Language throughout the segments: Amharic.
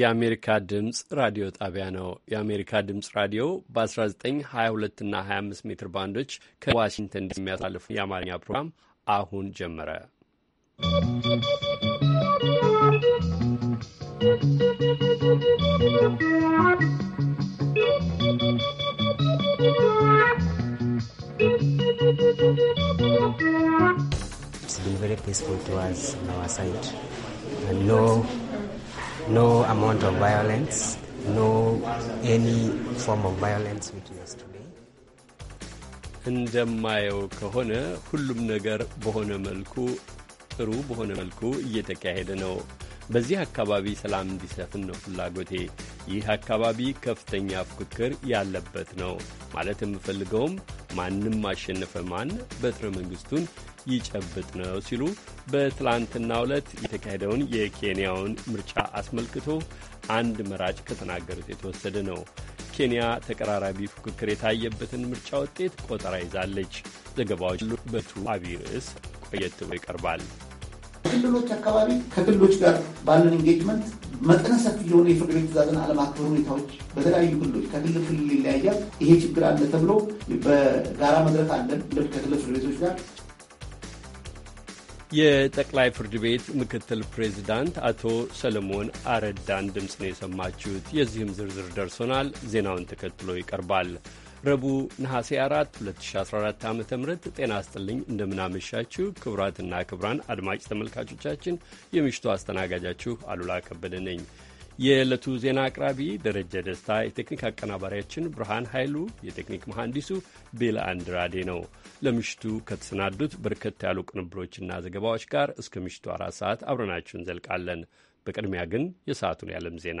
የአሜሪካ ድምፅ ራዲዮ ጣቢያ ነው። የአሜሪካ ድምፅ ራዲዮ በ1922 እና 25 ሜትር ባንዶች ከዋሽንግተን የሚያሳልፉ የአማርኛ ፕሮግራም አሁን ጀመረ። It's been very peaceful to us on our side. no amount of violence, no any form of violence which is today. እንደማየው ከሆነ ሁሉም ነገር በሆነ መልኩ ጥሩ በሆነ መልኩ እየተካሄደ ነው። በዚህ አካባቢ ሰላም እንዲሰፍን ነው ፍላጎቴ። ይህ አካባቢ ከፍተኛ ፉክክር ያለበት ነው ማለት የምፈልገውም ማንም አሸነፈ ማን በትረ መንግስቱን ይጨብጥ ነው ሲሉ በትላንትና ዕለት የተካሄደውን የኬንያውን ምርጫ አስመልክቶ አንድ መራጭ ከተናገሩት የተወሰደ ነው። ኬንያ ተቀራራቢ ፉክክር የታየበትን ምርጫ ውጤት ቆጠራ ይዛለች። ዘገባዎች በቱ አብይ ርዕስ ቆየት ብሎ ይቀርባል። ክልሎች አካባቢ ከክልሎች ጋር ባለን ኤንጌጅመንት መጠነ ሰፊ የሆነ የፍርድ ቤት ትእዛዝን አለማክበር ሁኔታዎች በተለያዩ ክልሎች ከክልል ክልል ይለያያል። ይሄ ችግር አለ ተብሎ በጋራ መድረክ አለን ከክልል ፍርድ ቤቶች ጋር። የጠቅላይ ፍርድ ቤት ምክትል ፕሬዚዳንት አቶ ሰለሞን አረዳን ድምፅ ነው የሰማችሁት። የዚህም ዝርዝር ደርሶናል፣ ዜናውን ተከትሎ ይቀርባል። ረቡዕ ነሐሴ 4 2014 ዓ ም ጤና ስጥልኝ እንደምናመሻችሁ ክቡራትና ክቡራን አድማጭ ተመልካቾቻችን የምሽቱ አስተናጋጃችሁ አሉላ ከበደ ነኝ። የዕለቱ ዜና አቅራቢ ደረጀ ደስታ፣ የቴክኒክ አቀናባሪያችን ብርሃን ኃይሉ፣ የቴክኒክ መሐንዲሱ ቤላ አንድራዴ ነው። ለምሽቱ ከተሰናዱት በርከት ያሉ ቅንብሮችና ዘገባዎች ጋር እስከ ምሽቱ አራት ሰዓት አብረናችሁ እንዘልቃለን። በቅድሚያ ግን የሰዓቱን የዓለም ዜና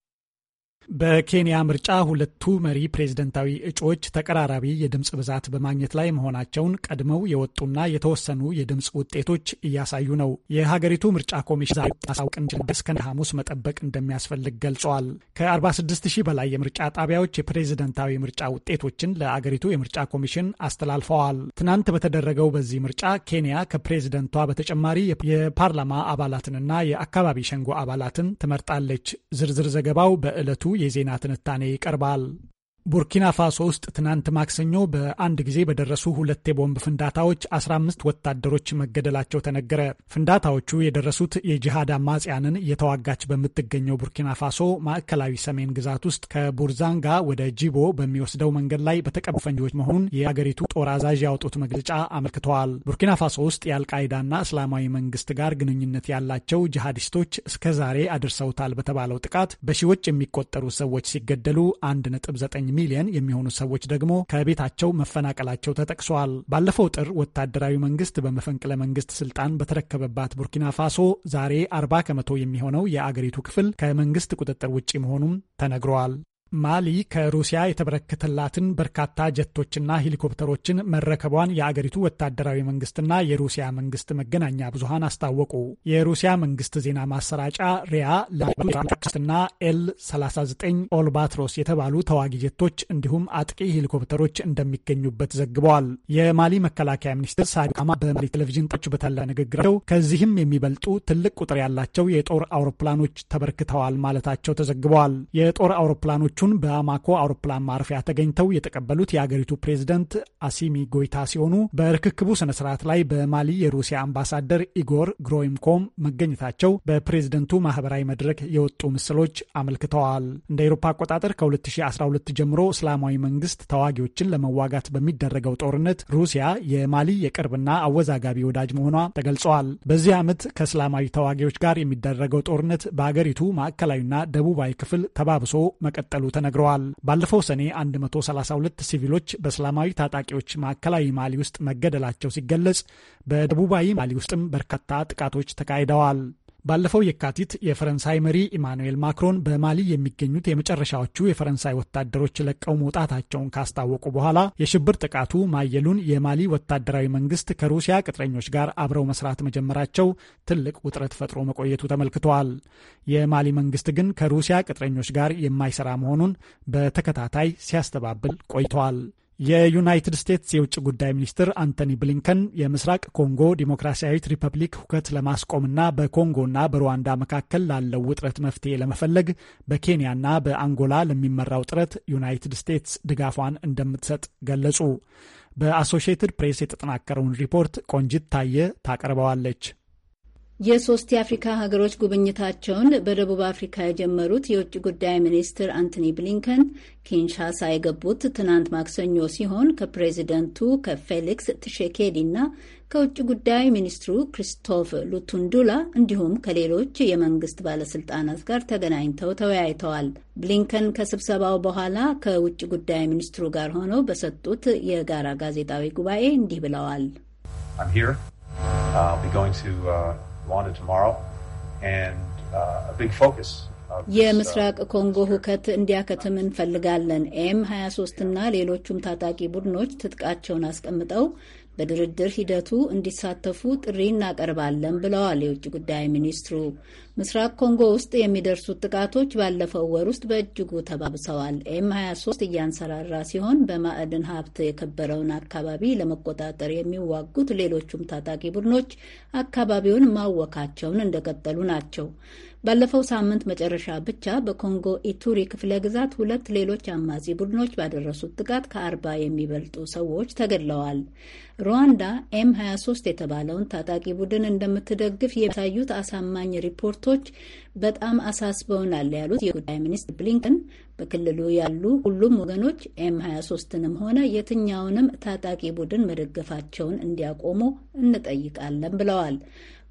በኬንያ ምርጫ ሁለቱ መሪ ፕሬዝደንታዊ እጩዎች ተቀራራቢ የድምፅ ብዛት በማግኘት ላይ መሆናቸውን ቀድመው የወጡና የተወሰኑ የድምፅ ውጤቶች እያሳዩ ነው። የሀገሪቱ ምርጫ ኮሚሽን ዛሬ እስከ ሐሙስ መጠበቅ እንደሚያስፈልግ ገልጸዋል። ከ46 ሺህ በላይ የምርጫ ጣቢያዎች የፕሬዝደንታዊ ምርጫ ውጤቶችን ለአገሪቱ የምርጫ ኮሚሽን አስተላልፈዋል። ትናንት በተደረገው በዚህ ምርጫ ኬንያ ከፕሬዝደንቷ በተጨማሪ የፓርላማ አባላትንና የአካባቢ ሸንጎ አባላትን ትመርጣለች። ዝርዝር ዘገባው በዕለቱ የዜና ትንታኔ ይቀርባል። ቡርኪና ፋሶ ውስጥ ትናንት ማክሰኞ በአንድ ጊዜ በደረሱ ሁለት የቦምብ ፍንዳታዎች 15 ወታደሮች መገደላቸው ተነገረ። ፍንዳታዎቹ የደረሱት የጂሃድ አማጽያንን እየተዋጋች በምትገኘው ቡርኪና ፋሶ ማዕከላዊ ሰሜን ግዛት ውስጥ ከቡርዛንጋ ወደ ጂቦ በሚወስደው መንገድ ላይ በተቀቡ ፈንጂዎች መሆኑን የአገሪቱ ጦር አዛዥ ያወጡት መግለጫ አመልክተዋል። ቡርኪና ፋሶ ውስጥ የአልቃይዳና እስላማዊ መንግስት ጋር ግንኙነት ያላቸው ጂሃዲስቶች እስከዛሬ አድርሰውታል በተባለው ጥቃት በሺዎች የሚቆጠሩ ሰዎች ሲገደሉ 1.9 ሚሊየን የሚሆኑ ሰዎች ደግሞ ከቤታቸው መፈናቀላቸው ተጠቅሰዋል። ባለፈው ጥር ወታደራዊ መንግስት በመፈንቅለ መንግስት ስልጣን በተረከበባት ቡርኪና ፋሶ ዛሬ 40 ከመቶ የሚሆነው የአገሪቱ ክፍል ከመንግስት ቁጥጥር ውጭ መሆኑም ተነግረዋል። ማሊ ከሩሲያ የተበረከተላትን በርካታ ጀቶችና ሄሊኮፕተሮችን መረከቧን የአገሪቱ ወታደራዊ መንግስትና የሩሲያ መንግስት መገናኛ ብዙሃን አስታወቁ። የሩሲያ መንግስት ዜና ማሰራጫ ሪያ ለና ኤል 39 ኦልባትሮስ የተባሉ ተዋጊ ጀቶች እንዲሁም አጥቂ ሄሊኮፕተሮች እንደሚገኙበት ዘግበዋል። የማሊ መከላከያ ሚኒስትር ሳዲቅ ካማ በማሊ ቴሌቪዥን ጣች በተለ ንግግራቸው ከዚህም የሚበልጡ ትልቅ ቁጥር ያላቸው የጦር አውሮፕላኖች ተበርክተዋል ማለታቸው ተዘግበዋል። የጦር አውሮፕላኖች ተማሪዎቹን በአማኮ አውሮፕላን ማረፊያ ተገኝተው የተቀበሉት የአገሪቱ ፕሬዝደንት አሲሚ ጎይታ ሲሆኑ በርክክቡ ስነ ስርዓት ላይ በማሊ የሩሲያ አምባሳደር ኢጎር ግሮይምኮም መገኘታቸው በፕሬዝደንቱ ማህበራዊ መድረክ የወጡ ምስሎች አመልክተዋል። እንደ ኤሮፓ አቆጣጠር ከ2012 ጀምሮ እስላማዊ መንግስት ተዋጊዎችን ለመዋጋት በሚደረገው ጦርነት ሩሲያ የማሊ የቅርብና አወዛጋቢ ወዳጅ መሆኗ ተገልጸዋል። በዚህ ዓመት ከእስላማዊ ተዋጊዎች ጋር የሚደረገው ጦርነት በአገሪቱ ማዕከላዊና ደቡባዊ ክፍል ተባብሶ መቀጠሉ ተነግረዋል። ባለፈው ሰኔ 132 ሲቪሎች በእስላማዊ ታጣቂዎች ማዕከላዊ ማሊ ውስጥ መገደላቸው ሲገለጽ፣ በደቡባዊ ማሊ ውስጥም በርካታ ጥቃቶች ተካሂደዋል። ባለፈው የካቲት የፈረንሳይ መሪ ኢማኑኤል ማክሮን በማሊ የሚገኙት የመጨረሻዎቹ የፈረንሳይ ወታደሮች ለቀው መውጣታቸውን ካስታወቁ በኋላ የሽብር ጥቃቱ ማየሉን የማሊ ወታደራዊ መንግስት ከሩሲያ ቅጥረኞች ጋር አብረው መስራት መጀመራቸው ትልቅ ውጥረት ፈጥሮ መቆየቱ ተመልክተዋል። የማሊ መንግስት ግን ከሩሲያ ቅጥረኞች ጋር የማይሰራ መሆኑን በተከታታይ ሲያስተባብል ቆይተዋል። የዩናይትድ ስቴትስ የውጭ ጉዳይ ሚኒስትር አንቶኒ ብሊንከን የምስራቅ ኮንጎ ዲሞክራሲያዊት ሪፐብሊክ ሁከት ለማስቆምና በኮንጎና በሩዋንዳ መካከል ላለው ውጥረት መፍትሄ ለመፈለግ በኬንያና በአንጎላ ለሚመራው ጥረት ዩናይትድ ስቴትስ ድጋፏን እንደምትሰጥ ገለጹ። በአሶሺየትድ ፕሬስ የተጠናከረውን ሪፖርት ቆንጂት ታየ ታቀርበዋለች። የሶስት የአፍሪካ ሀገሮች ጉብኝታቸውን በደቡብ አፍሪካ የጀመሩት የውጭ ጉዳይ ሚኒስትር አንቶኒ ብሊንከን ኪንሻሳ የገቡት ትናንት ማክሰኞ ሲሆን ከፕሬዚደንቱ ከፌሊክስ ትሼኬዲ እና ከውጭ ጉዳይ ሚኒስትሩ ክሪስቶፍ ሉቱንዱላ እንዲሁም ከሌሎች የመንግስት ባለስልጣናት ጋር ተገናኝተው ተወያይተዋል። ብሊንከን ከስብሰባው በኋላ ከውጭ ጉዳይ ሚኒስትሩ ጋር ሆነው በሰጡት የጋራ ጋዜጣዊ ጉባኤ እንዲህ ብለዋል። uh, Uh, የምስራቅ uh, ኮንጎ ሁከት እንዲያከትም እንፈልጋለን። ኤም 23 እና ሌሎቹም ታጣቂ ቡድኖች ትጥቃቸውን አስቀምጠው በድርድር ሂደቱ እንዲሳተፉ ጥሪ እናቀርባለን ብለዋል የውጭ ጉዳይ ሚኒስትሩ። ምስራቅ ኮንጎ ውስጥ የሚደርሱት ጥቃቶች ባለፈው ወር ውስጥ በእጅጉ ተባብሰዋል። ኤም 23 እያንሰራራ ሲሆን በማዕድን ሀብት የከበረውን አካባቢ ለመቆጣጠር የሚዋጉት ሌሎቹም ታጣቂ ቡድኖች አካባቢውን ማወካቸውን እንደቀጠሉ ናቸው። ባለፈው ሳምንት መጨረሻ ብቻ በኮንጎ ኢቱሪ ክፍለ ግዛት ሁለት ሌሎች አማጺ ቡድኖች ባደረሱት ጥቃት ከአርባ የሚበልጡ ሰዎች ተገድለዋል። ሩዋንዳ ኤም 23 የተባለውን ታጣቂ ቡድን እንደምትደግፍ የሚያሳዩት አሳማኝ ሪፖርቶች በጣም አሳስበውናል ያሉት የጉዳይ ሚኒስትር ብሊንከን በክልሉ ያሉ ሁሉም ወገኖች ኤም 23ንም ሆነ የትኛውንም ታጣቂ ቡድን መደገፋቸውን እንዲያቆሙ እንጠይቃለን ብለዋል።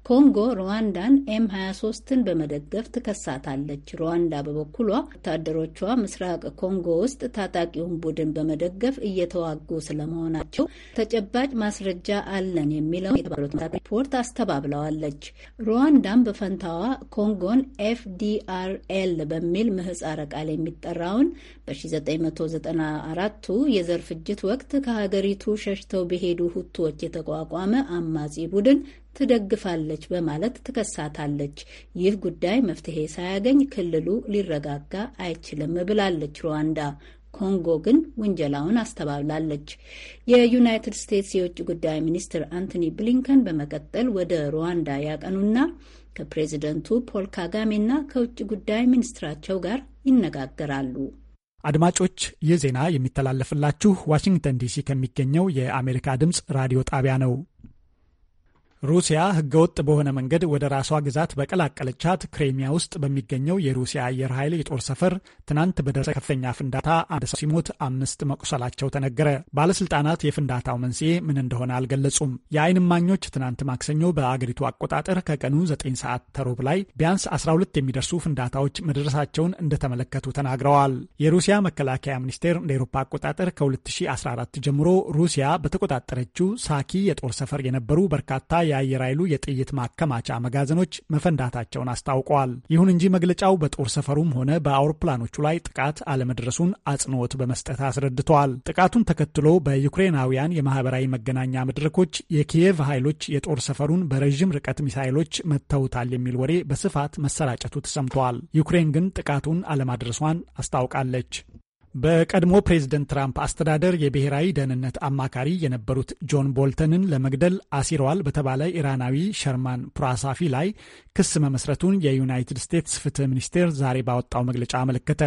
ኮንጎ ሩዋንዳን ኤም 23ን በመደገፍ ትከሳታለች። ሩዋንዳ በበኩሏ ወታደሮቿ ምስራቅ ኮንጎ ውስጥ ታጣቂውን ቡድን በመደገፍ እየተዋጉ ስለመሆናቸው ተጨባጭ ማስረጃ አለን የሚለውን የተባበሩት ሪፖርት አስተባብለዋለች። ሩዋንዳም በፈንታዋ ኮንጎን ኤፍዲአርኤል በሚል ምህፃረ ቃል የሚጠራውን በ1994ቱ የዘር ፍጅት ወቅት ከሀገሪቱ ሸሽተው በሄዱ ሁቶች የተቋቋመ አማጺ ቡድን ትደግፋለች በማለት ትከሳታለች። ይህ ጉዳይ መፍትሄ ሳያገኝ ክልሉ ሊረጋጋ አይችልም ብላለች ሩዋንዳ። ኮንጎ ግን ውንጀላውን አስተባብላለች። የዩናይትድ ስቴትስ የውጭ ጉዳይ ሚኒስትር አንቶኒ ብሊንከን በመቀጠል ወደ ሩዋንዳ ያቀኑና ከፕሬዚደንቱ ፖል ካጋሜና ከውጭ ጉዳይ ሚኒስትራቸው ጋር ይነጋገራሉ። አድማጮች፣ ይህ ዜና የሚተላለፍላችሁ ዋሽንግተን ዲሲ ከሚገኘው የአሜሪካ ድምፅ ራዲዮ ጣቢያ ነው። ሩሲያ ህገወጥ በሆነ መንገድ ወደ ራሷ ግዛት በቀላቀለቻት ክሬሚያ ውስጥ በሚገኘው የሩሲያ አየር ኃይል የጦር ሰፈር ትናንት በደረሰ ከፍተኛ ፍንዳታ አንድ ሰው ሲሞት አምስት መቁሰላቸው ተነገረ። ባለስልጣናት የፍንዳታው መንስኤ ምን እንደሆነ አልገለጹም። የአይን እማኞች ትናንት ማክሰኞ በአገሪቱ አቆጣጠር ከቀኑ 9 ሰዓት ተሮብ ላይ ቢያንስ 12 የሚደርሱ ፍንዳታዎች መድረሳቸውን እንደተመለከቱ ተናግረዋል። የሩሲያ መከላከያ ሚኒስቴር እንደ ኤሮፓ አቆጣጠር ከ2014 ጀምሮ ሩሲያ በተቆጣጠረችው ሳኪ የጦር ሰፈር የነበሩ በርካታ የአየር ኃይሉ የጥይት ማከማቻ መጋዘኖች መፈንዳታቸውን አስታውቀዋል። ይሁን እንጂ መግለጫው በጦር ሰፈሩም ሆነ በአውሮፕላኖቹ ላይ ጥቃት አለመድረሱን አጽንኦት በመስጠት አስረድተዋል። ጥቃቱን ተከትሎ በዩክሬናውያን የማህበራዊ መገናኛ መድረኮች የኪየቭ ኃይሎች የጦር ሰፈሩን በረዥም ርቀት ሚሳይሎች መተውታል የሚል ወሬ በስፋት መሰራጨቱ ተሰምተዋል። ዩክሬን ግን ጥቃቱን አለማድረሷን አስታውቃለች። በቀድሞ ፕሬዝደንት ትራምፕ አስተዳደር የብሔራዊ ደህንነት አማካሪ የነበሩት ጆን ቦልተንን ለመግደል አሲረዋል በተባለ ኢራናዊ ሸርማን ፕራሳፊ ላይ ክስ መመስረቱን የዩናይትድ ስቴትስ ፍትህ ሚኒስቴር ዛሬ ባወጣው መግለጫ አመለከተ።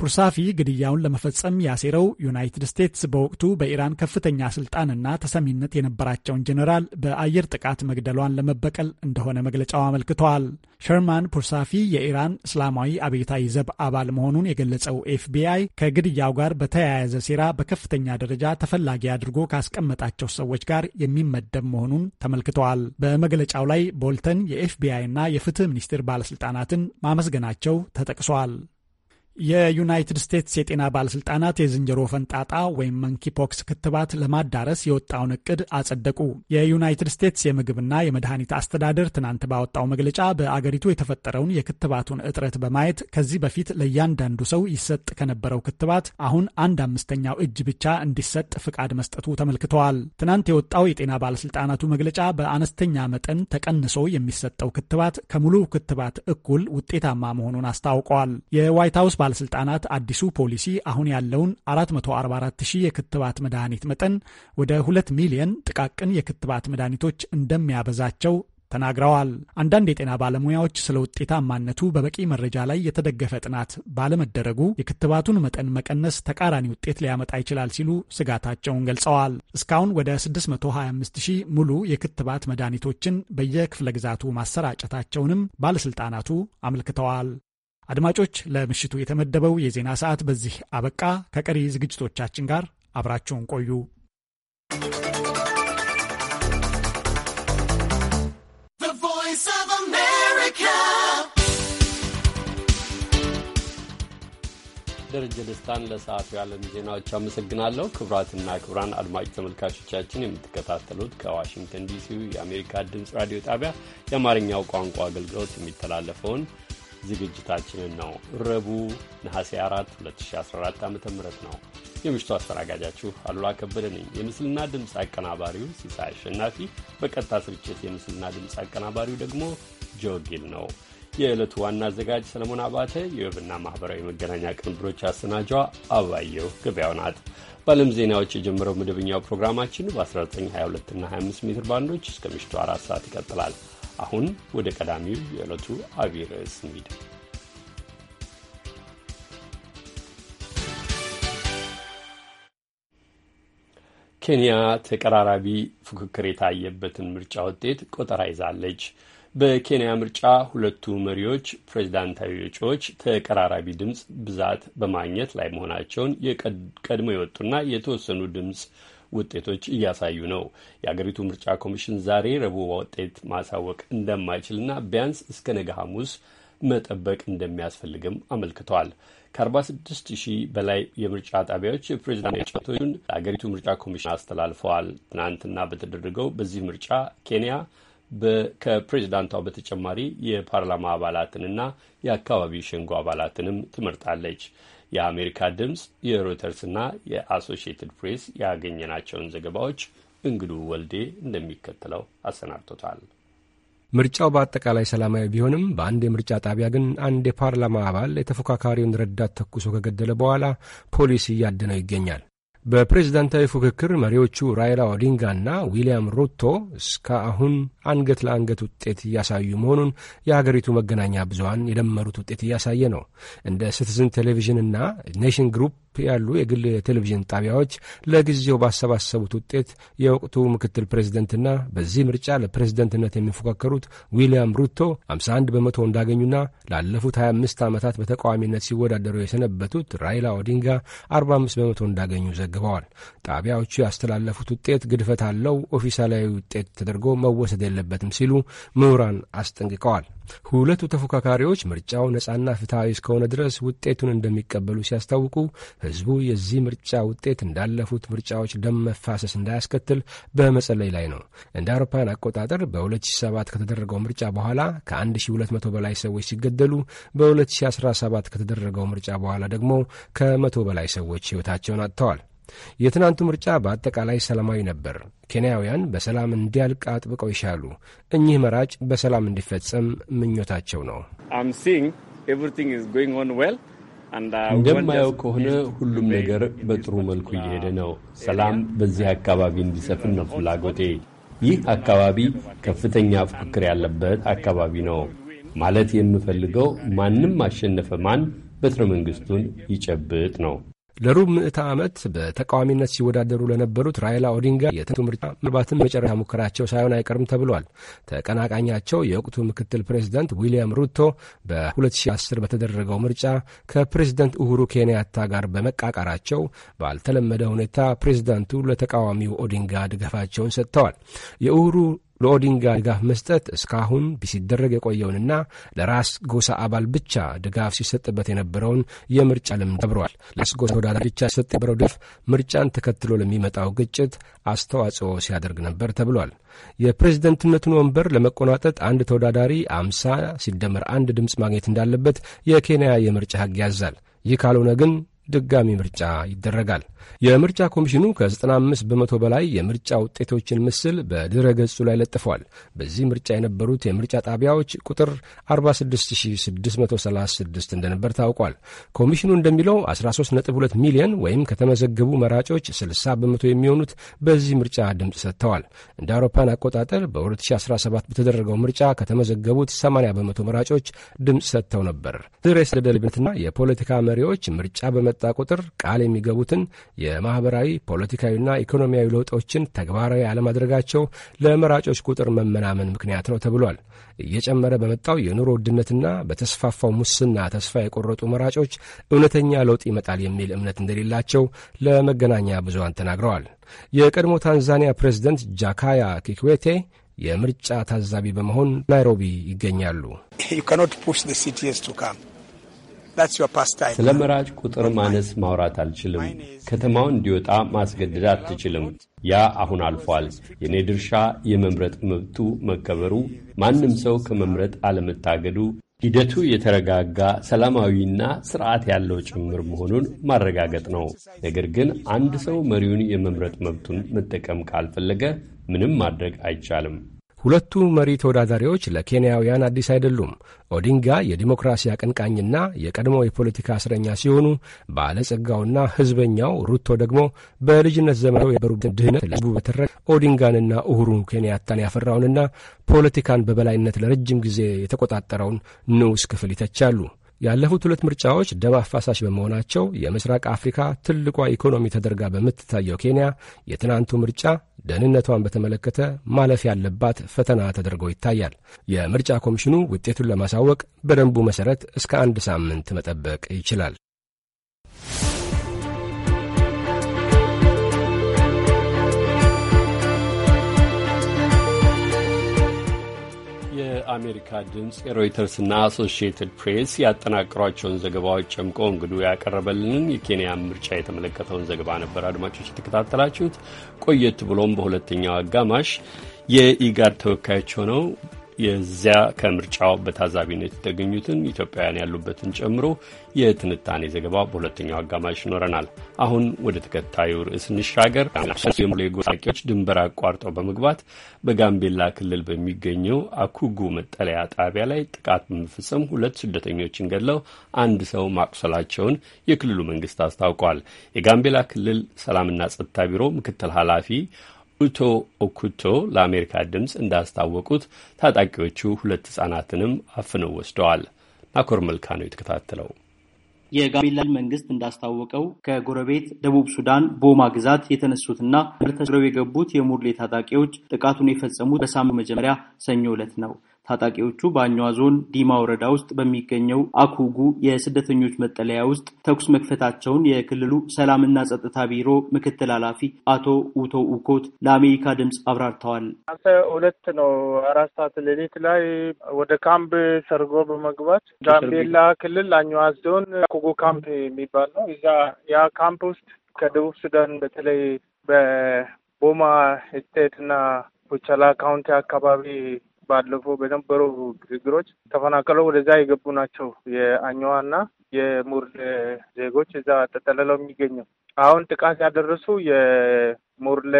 ፑርሳፊ ግድያውን ለመፈጸም ያሴረው ዩናይትድ ስቴትስ በወቅቱ በኢራን ከፍተኛ ስልጣንና ተሰሚነት የነበራቸውን ጀኔራል በአየር ጥቃት መግደሏን ለመበቀል እንደሆነ መግለጫው አመልክተዋል። ሸርማን ፑርሳፊ የኢራን እስላማዊ አብዮታዊ ዘብ አባል መሆኑን የገለጸው ኤፍቢአይ ከግድያው ጋር በተያያዘ ሴራ በከፍተኛ ደረጃ ተፈላጊ አድርጎ ካስቀመጣቸው ሰዎች ጋር የሚመደብ መሆኑን ተመልክተዋል። በመግለጫው ላይ ቦልተን የኤፍቢአይ እና የፍትህ ሚኒስቴር ባለስልጣናትን ማመስገናቸው ተጠቅሷል። የዩናይትድ ስቴትስ የጤና ባለስልጣናት የዝንጀሮ ፈንጣጣ ወይም መንኪፖክስ ክትባት ለማዳረስ የወጣውን እቅድ አጸደቁ። የዩናይትድ ስቴትስ የምግብና የመድኃኒት አስተዳደር ትናንት ባወጣው መግለጫ በአገሪቱ የተፈጠረውን የክትባቱን እጥረት በማየት ከዚህ በፊት ለእያንዳንዱ ሰው ይሰጥ ከነበረው ክትባት አሁን አንድ አምስተኛው እጅ ብቻ እንዲሰጥ ፍቃድ መስጠቱ ተመልክተዋል። ትናንት የወጣው የጤና ባለስልጣናቱ መግለጫ በአነስተኛ መጠን ተቀንሶ የሚሰጠው ክትባት ከሙሉ ክትባት እኩል ውጤታማ መሆኑን አስታውቀዋል። የዋይት ሀውስ ባለሥልጣናት አዲሱ ፖሊሲ አሁን ያለውን 4440 የክትባት መድኃኒት መጠን ወደ 2 ሚሊየን ጥቃቅን የክትባት መድኃኒቶች እንደሚያበዛቸው ተናግረዋል። አንዳንድ የጤና ባለሙያዎች ስለ ውጤታማነቱ በበቂ መረጃ ላይ የተደገፈ ጥናት ባለመደረጉ የክትባቱን መጠን መቀነስ ተቃራኒ ውጤት ሊያመጣ ይችላል ሲሉ ስጋታቸውን ገልጸዋል። እስካሁን ወደ 625000 ሺህ ሙሉ የክትባት መድኃኒቶችን በየክፍለ ግዛቱ ማሰራጨታቸውንም ባለሥልጣናቱ አመልክተዋል። አድማጮች፣ ለምሽቱ የተመደበው የዜና ሰዓት በዚህ አበቃ። ከቀሪ ዝግጅቶቻችን ጋር አብራችሁን ቆዩ። ደረጀ ደስታን ለሰዓቱ የዓለም ዜናዎች አመሰግናለሁ። ክቡራትና ክቡራን አድማጭ ተመልካቾቻችን የምትከታተሉት ከዋሽንግተን ዲሲ የአሜሪካ ድምፅ ራዲዮ ጣቢያ የአማርኛው ቋንቋ አገልግሎት የሚተላለፈውን ዝግጅታችንን ነው። ረቡዕ ነሐሴ 4 2014 ዓ ም ነው። የምሽቱ አስተናጋጃችሁ አሉላ ከበደ ነኝ። የምስልና ድምፅ አቀናባሪው ሲሳይ አሸናፊ፣ በቀጥታ ስርጭት የምስልና ድምፅ አቀናባሪው ደግሞ ጆጊል ነው። የዕለቱ ዋና አዘጋጅ ሰለሞን አባተ፣ የዌብና ማኅበራዊ መገናኛ ቅንብሮች አሰናጇ አበባየሁ ገበያው ናት። በዓለም ዜናዎች የጀመረው መደበኛው ፕሮግራማችን በ1922ና 25 ሜትር ባንዶች እስከ ምሽቱ አራት ሰዓት ይቀጥላል። አሁን ወደ ቀዳሚው የዕለቱ አብይ ርዕስ እንሂድ። ኬንያ ተቀራራቢ ፉክክር የታየበትን ምርጫ ውጤት ቆጠራ ይዛለች። በኬንያ ምርጫ ሁለቱ መሪዎች ፕሬዚዳንታዊ እጩዎች ተቀራራቢ ድምፅ ብዛት በማግኘት ላይ መሆናቸውን የቀድሞ የወጡና የተወሰኑ ድምፅ ውጤቶች እያሳዩ ነው። የአገሪቱ ምርጫ ኮሚሽን ዛሬ ረቡዕ ውጤት ማሳወቅ እንደማይችልና ቢያንስ እስከ ነገ ሐሙስ መጠበቅ እንደሚያስፈልግም አመልክቷል ከ ከ46 ሺህ በላይ የምርጫ ጣቢያዎች የፕሬዚዳንት ጫቶቹን ለአገሪቱ ምርጫ ኮሚሽን አስተላልፈዋል። ትናንትና በተደረገው በዚህ ምርጫ ኬንያ ከፕሬዚዳንቷ በተጨማሪ የፓርላማ አባላትንና የአካባቢ ሸንጎ አባላትንም ትመርጣለች። የአሜሪካ ድምፅ የሮይተርስና የአሶሽየትድ ፕሬስ ያገኘናቸውን ዘገባዎች እንግዱ ወልዴ እንደሚከተለው አሰናድቶታል። ምርጫው በአጠቃላይ ሰላማዊ ቢሆንም በአንድ የምርጫ ጣቢያ ግን አንድ የፓርላማ አባል የተፎካካሪውን ረዳት ተኩሶ ከገደለ በኋላ ፖሊስ እያደነው ይገኛል። በፕሬዝዳንታዊ ፉክክር መሪዎቹ ራይላ ኦዲንጋና ዊልያም ሩቶ እስከ አሁን አንገት ለአንገት ውጤት እያሳዩ መሆኑን የሀገሪቱ መገናኛ ብዙሀን የደመሩት ውጤት እያሳየ ነው። እንደ ሲቲዝን ቴሌቪዥንና ኔሽን ግሩፕ ያሉ የግል ቴሌቪዥን ጣቢያዎች ለጊዜው ባሰባሰቡት ውጤት የወቅቱ ምክትል ፕሬዚደንትና በዚህ ምርጫ ለፕሬዚደንትነት የሚፎካከሩት ዊልያም ሩቶ 51 በመቶ እንዳገኙና ላለፉት 25 ዓመታት በተቃዋሚነት ሲወዳደሩ የሰነበቱት ራይላ ኦዲንጋ 45 በመቶ እንዳገኙ ዘግበዋል። ጣቢያዎቹ ያስተላለፉት ውጤት ግድፈት አለው፣ ኦፊሳላዊ ውጤት ተደርጎ መወሰድ የለበትም ሲሉ ምሁራን አስጠንቅቀዋል። ሁለቱ ተፎካካሪዎች ምርጫው ነጻና ፍትሐዊ እስከሆነ ድረስ ውጤቱን እንደሚቀበሉ ሲያስታውቁ ህዝቡ የዚህ ምርጫ ውጤት እንዳለፉት ምርጫዎች ደም መፋሰስ እንዳያስከትል በመጸለይ ላይ ነው። እንደ አውሮፓውያን አቆጣጠር በ2007 ከተደረገው ምርጫ በኋላ ከ1200 በላይ ሰዎች ሲገደሉ በ2017 ከተደረገው ምርጫ በኋላ ደግሞ ከመቶ በላይ ሰዎች ሕይወታቸውን አጥተዋል። የትናንቱ ምርጫ በአጠቃላይ ሰላማዊ ነበር። ኬንያውያን በሰላም እንዲያልቅ አጥብቀው ይሻሉ። እኚህ መራጭ በሰላም እንዲፈጸም ምኞታቸው ነው። uh, እንደማየው ከሆነ ሁሉም ነገር በጥሩ መልኩ እየሄደ ነው። ሰላም በዚህ አካባቢ እንዲሰፍን ነው ፍላጎቴ። ይህ አካባቢ ከፍተኛ ፉክክር ያለበት አካባቢ ነው። ማለት የምፈልገው ማንም አሸነፈ ማን በትረ መንግስቱን ይጨብጥ ነው። ለሩብ ምዕተ ዓመት በተቃዋሚነት ሲወዳደሩ ለነበሩት ራይላ ኦዲንጋ የትናንቱ ምርጫ ምናልባትም መጨረሻ ሙከራቸው ሳይሆን አይቀርም ተብሏል። ተቀናቃኛቸው የወቅቱ ምክትል ፕሬዚደንት ዊልያም ሩቶ በ2010 በተደረገው ምርጫ ከፕሬዚደንት ኡሁሩ ኬንያታ ጋር በመቃቃራቸው ባልተለመደ ሁኔታ ፕሬዚዳንቱ ለተቃዋሚው ኦዲንጋ ድጋፋቸውን ሰጥተዋል። የኡሁሩ ለኦዲንጋ ድጋፍ መስጠት እስካሁን ሲደረግ የቆየውንና ለራስ ጎሳ አባል ብቻ ድጋፍ ሲሰጥበት የነበረውን የምርጫ ልምድ ተብረዋል። ለራስ ጎሳ ተወዳዳሪ ብቻ ሲሰጥ የነበረው ድጋፍ ምርጫን ተከትሎ ለሚመጣው ግጭት አስተዋጽኦ ሲያደርግ ነበር ተብሏል። የፕሬዝደንትነቱን ወንበር ለመቆናጠጥ አንድ ተወዳዳሪ አምሳ ሲደመር አንድ ድምፅ ማግኘት እንዳለበት የኬንያ የምርጫ ሕግ ያዛል። ይህ ካልሆነ ግን ድጋሚ ምርጫ ይደረጋል። የምርጫ ኮሚሽኑ ከ95 በመቶ በላይ የምርጫ ውጤቶችን ምስል በድረ ገጹ ላይ ለጥፏል። በዚህ ምርጫ የነበሩት የምርጫ ጣቢያዎች ቁጥር 46636 እንደነበር ታውቋል። ኮሚሽኑ እንደሚለው 132 ሚሊዮን ወይም ከተመዘገቡ መራጮች 60 በመቶ የሚሆኑት በዚህ ምርጫ ድምፅ ሰጥተዋል። እንደ አውሮፓን አቆጣጠር በ2017 በተደረገው ምርጫ ከተመዘገቡት 80 በመቶ መራጮች ድምፅ ሰጥተው ነበር። ድር የሰደደ የፖለቲካ መሪዎች ምርጫ በመ በመጣ ቁጥር ቃል የሚገቡትን የማኅበራዊ ፖለቲካዊና ኢኮኖሚያዊ ለውጦችን ተግባራዊ አለማድረጋቸው ለመራጮች ቁጥር መመናመን ምክንያት ነው ተብሏል። እየጨመረ በመጣው የኑሮ ውድነትና በተስፋፋው ሙስና ተስፋ የቆረጡ መራጮች እውነተኛ ለውጥ ይመጣል የሚል እምነት እንደሌላቸው ለመገናኛ ብዙሃን ተናግረዋል። የቀድሞ ታንዛኒያ ፕሬዝደንት ጃካያ ኪክዌቴ የምርጫ ታዛቢ በመሆን ናይሮቢ ይገኛሉ። ስለ መራጭ ቁጥር ማነስ ማውራት አልችልም። ከተማውን እንዲወጣ ማስገደድ አትችልም። ያ አሁን አልፏል። የእኔ ድርሻ የመምረጥ መብቱ መከበሩ፣ ማንም ሰው ከመምረጥ አለመታገዱ፣ ሂደቱ የተረጋጋ ሰላማዊና ስርዓት ያለው ጭምር መሆኑን ማረጋገጥ ነው። ነገር ግን አንድ ሰው መሪውን የመምረጥ መብቱን መጠቀም ካልፈለገ ምንም ማድረግ አይቻልም። ሁለቱ መሪ ተወዳዳሪዎች ለኬንያውያን አዲስ አይደሉም። ኦዲንጋ የዲሞክራሲ አቀንቃኝና የቀድሞ የፖለቲካ እስረኛ ሲሆኑ ባለጸጋውና ሕዝበኛው ሩቶ ደግሞ በልጅነት ዘመናዊ የነበሩበትን ድህነት ለሕዝቡ በተረከ ኦዲንጋንና እሁሩ ኬንያታን ያፈራውንና ፖለቲካን በበላይነት ለረጅም ጊዜ የተቆጣጠረውን ንዑስ ክፍል ይተቻሉ። ያለፉት ሁለት ምርጫዎች ደም አፋሳሽ በመሆናቸው የምስራቅ አፍሪካ ትልቋ ኢኮኖሚ ተደርጋ በምትታየው ኬንያ የትናንቱ ምርጫ ደህንነቷን በተመለከተ ማለፍ ያለባት ፈተና ተደርጎ ይታያል። የምርጫ ኮሚሽኑ ውጤቱን ለማሳወቅ በደንቡ መሠረት እስከ አንድ ሳምንት መጠበቅ ይችላል። የአሜሪካ ድምፅ የሮይተርስና አሶሺየትድ ፕሬስ ያጠናቀሯቸውን ዘገባዎች ጨምቆ እንግዱ ያቀረበልንን የኬንያ ምርጫ የተመለከተውን ዘገባ ነበር አድማጮች የተከታተላችሁት። ቆየት ብሎም በሁለተኛው አጋማሽ የኢጋድ ተወካዮች ሆነው የዚያ ከምርጫው በታዛቢነት የተገኙትን ኢትዮጵያውያን ያሉበትን ጨምሮ የትንታኔ ዘገባ በሁለተኛው አጋማሽ ይኖረናል። አሁን ወደ ተከታዩ ርዕስ እንሻገር። ጎሳቂዎች ድንበር አቋርጠው በመግባት በጋምቤላ ክልል በሚገኘው አኩጉ መጠለያ ጣቢያ ላይ ጥቃት በመፈጸም ሁለት ስደተኞችን ገድለው አንድ ሰው ማቁሰላቸውን የክልሉ መንግስት አስታውቋል። የጋምቤላ ክልል ሰላምና ጸጥታ ቢሮ ምክትል ኃላፊ ኡቶ ኦኩቶ ለአሜሪካ ድምፅ እንዳስታወቁት ታጣቂዎቹ ሁለት ሕጻናትንም አፍነው ወስደዋል። ናኮር መልካ ነው የተከታተለው። የጋምቤላን መንግስት እንዳስታወቀው ከጎረቤት ደቡብ ሱዳን ቦማ ግዛት የተነሱትና ተረው የገቡት የሙርሌ ታጣቂዎች ጥቃቱን የፈጸሙት በሳምንቱ መጀመሪያ ሰኞ ዕለት ነው። ታጣቂዎቹ በአኛዋ ዞን ዲማ ወረዳ ውስጥ በሚገኘው አኩጉ የስደተኞች መጠለያ ውስጥ ተኩስ መክፈታቸውን የክልሉ ሰላምና ጸጥታ ቢሮ ምክትል ኃላፊ አቶ ውቶ ኡኮት ለአሜሪካ ድምፅ አብራርተዋል። ሁለት ነው አራት ሰዓት ሌሊት ላይ ወደ ካምፕ ሰርጎ በመግባት ጋምቤላ ክልል አኛዋ ዞን አኩጉ ካምፕ የሚባል ነው። እዛ ያ ካምፕ ውስጥ ከደቡብ ሱዳን በተለይ በቦማ ስቴት እና ቡቻላ ካውንቲ አካባቢ ባለፈው በነበረው ችግሮች ተፈናቅለው ወደዛ የገቡ ናቸው። የአኛዋ የሙርሌ ዜጎች እዛ ተጠለለው የሚገኘው አሁን ጥቃት ያደረሱ የሙርሌ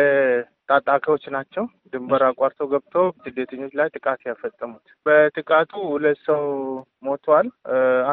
ታጣቂዎች ናቸው። ድንበር አቋርተው ገብተው ስደተኞች ላይ ጥቃት ያፈጸሙት። በጥቃቱ ሁለት ሰው ሞቷል፣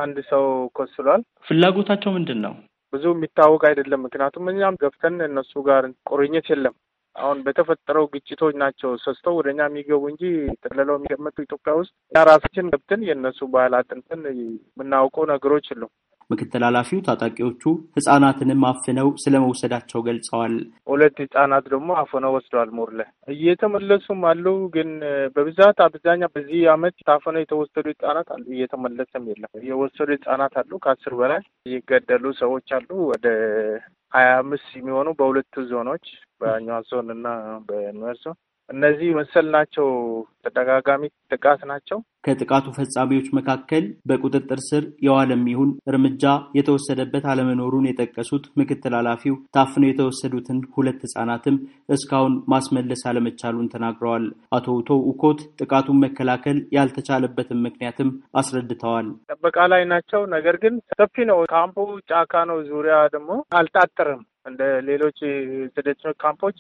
አንድ ሰው ቆስሏል። ፍላጎታቸው ምንድን ነው? ብዙ የሚታወቅ አይደለም። ምክንያቱም እኛም ገብተን እነሱ ጋር ቁርኝት የለም። አሁን በተፈጠረው ግጭቶች ናቸው ሰስተው ወደ እኛ የሚገቡ እንጂ ጥለለው የሚቀመጡ ኢትዮጵያ ውስጥ እኛ ራሳችን ገብተን የእነሱ ባህል አጥንተን የምናውቀው ነገሮች የለም። ምክትል ኃላፊው ታጣቂዎቹ ህጻናትንም አፍነው ስለ መውሰዳቸው ገልጸዋል። ሁለት ህጻናት ደግሞ አፍነው ወስደዋል። ሞርለ እየተመለሱም አሉ። ግን በብዛት አብዛኛ በዚህ አመት ታፍነው የተወሰዱ ህጻናት አሉ። እየተመለሰም የለም። የወሰዱ ህጻናት አሉ። ከአስር በላይ የገደሉ ሰዎች አሉ። ወደ ሀያ አምስት የሚሆኑ በሁለቱ ዞኖች በኛ ዞን እና በኑዌር ዞን እነዚህ መሰል ናቸው ተደጋጋሚ ጥቃት ናቸው ከጥቃቱ ፈጻሚዎች መካከል በቁጥጥር ስር የዋለም ይሁን እርምጃ የተወሰደበት አለመኖሩን የጠቀሱት ምክትል ኃላፊው ታፍነው የተወሰዱትን ሁለት ህጻናትም እስካሁን ማስመለስ አለመቻሉን ተናግረዋል። አቶ ውቶ ውኮት ጥቃቱን መከላከል ያልተቻለበትን ምክንያትም አስረድተዋል። ጥበቃ ላይ ናቸው። ነገር ግን ሰፊ ነው። ካምፑ ጫካ ነው። ዙሪያ ደግሞ አልጣጥርም እንደ ሌሎች ስደተኞች ካምፖች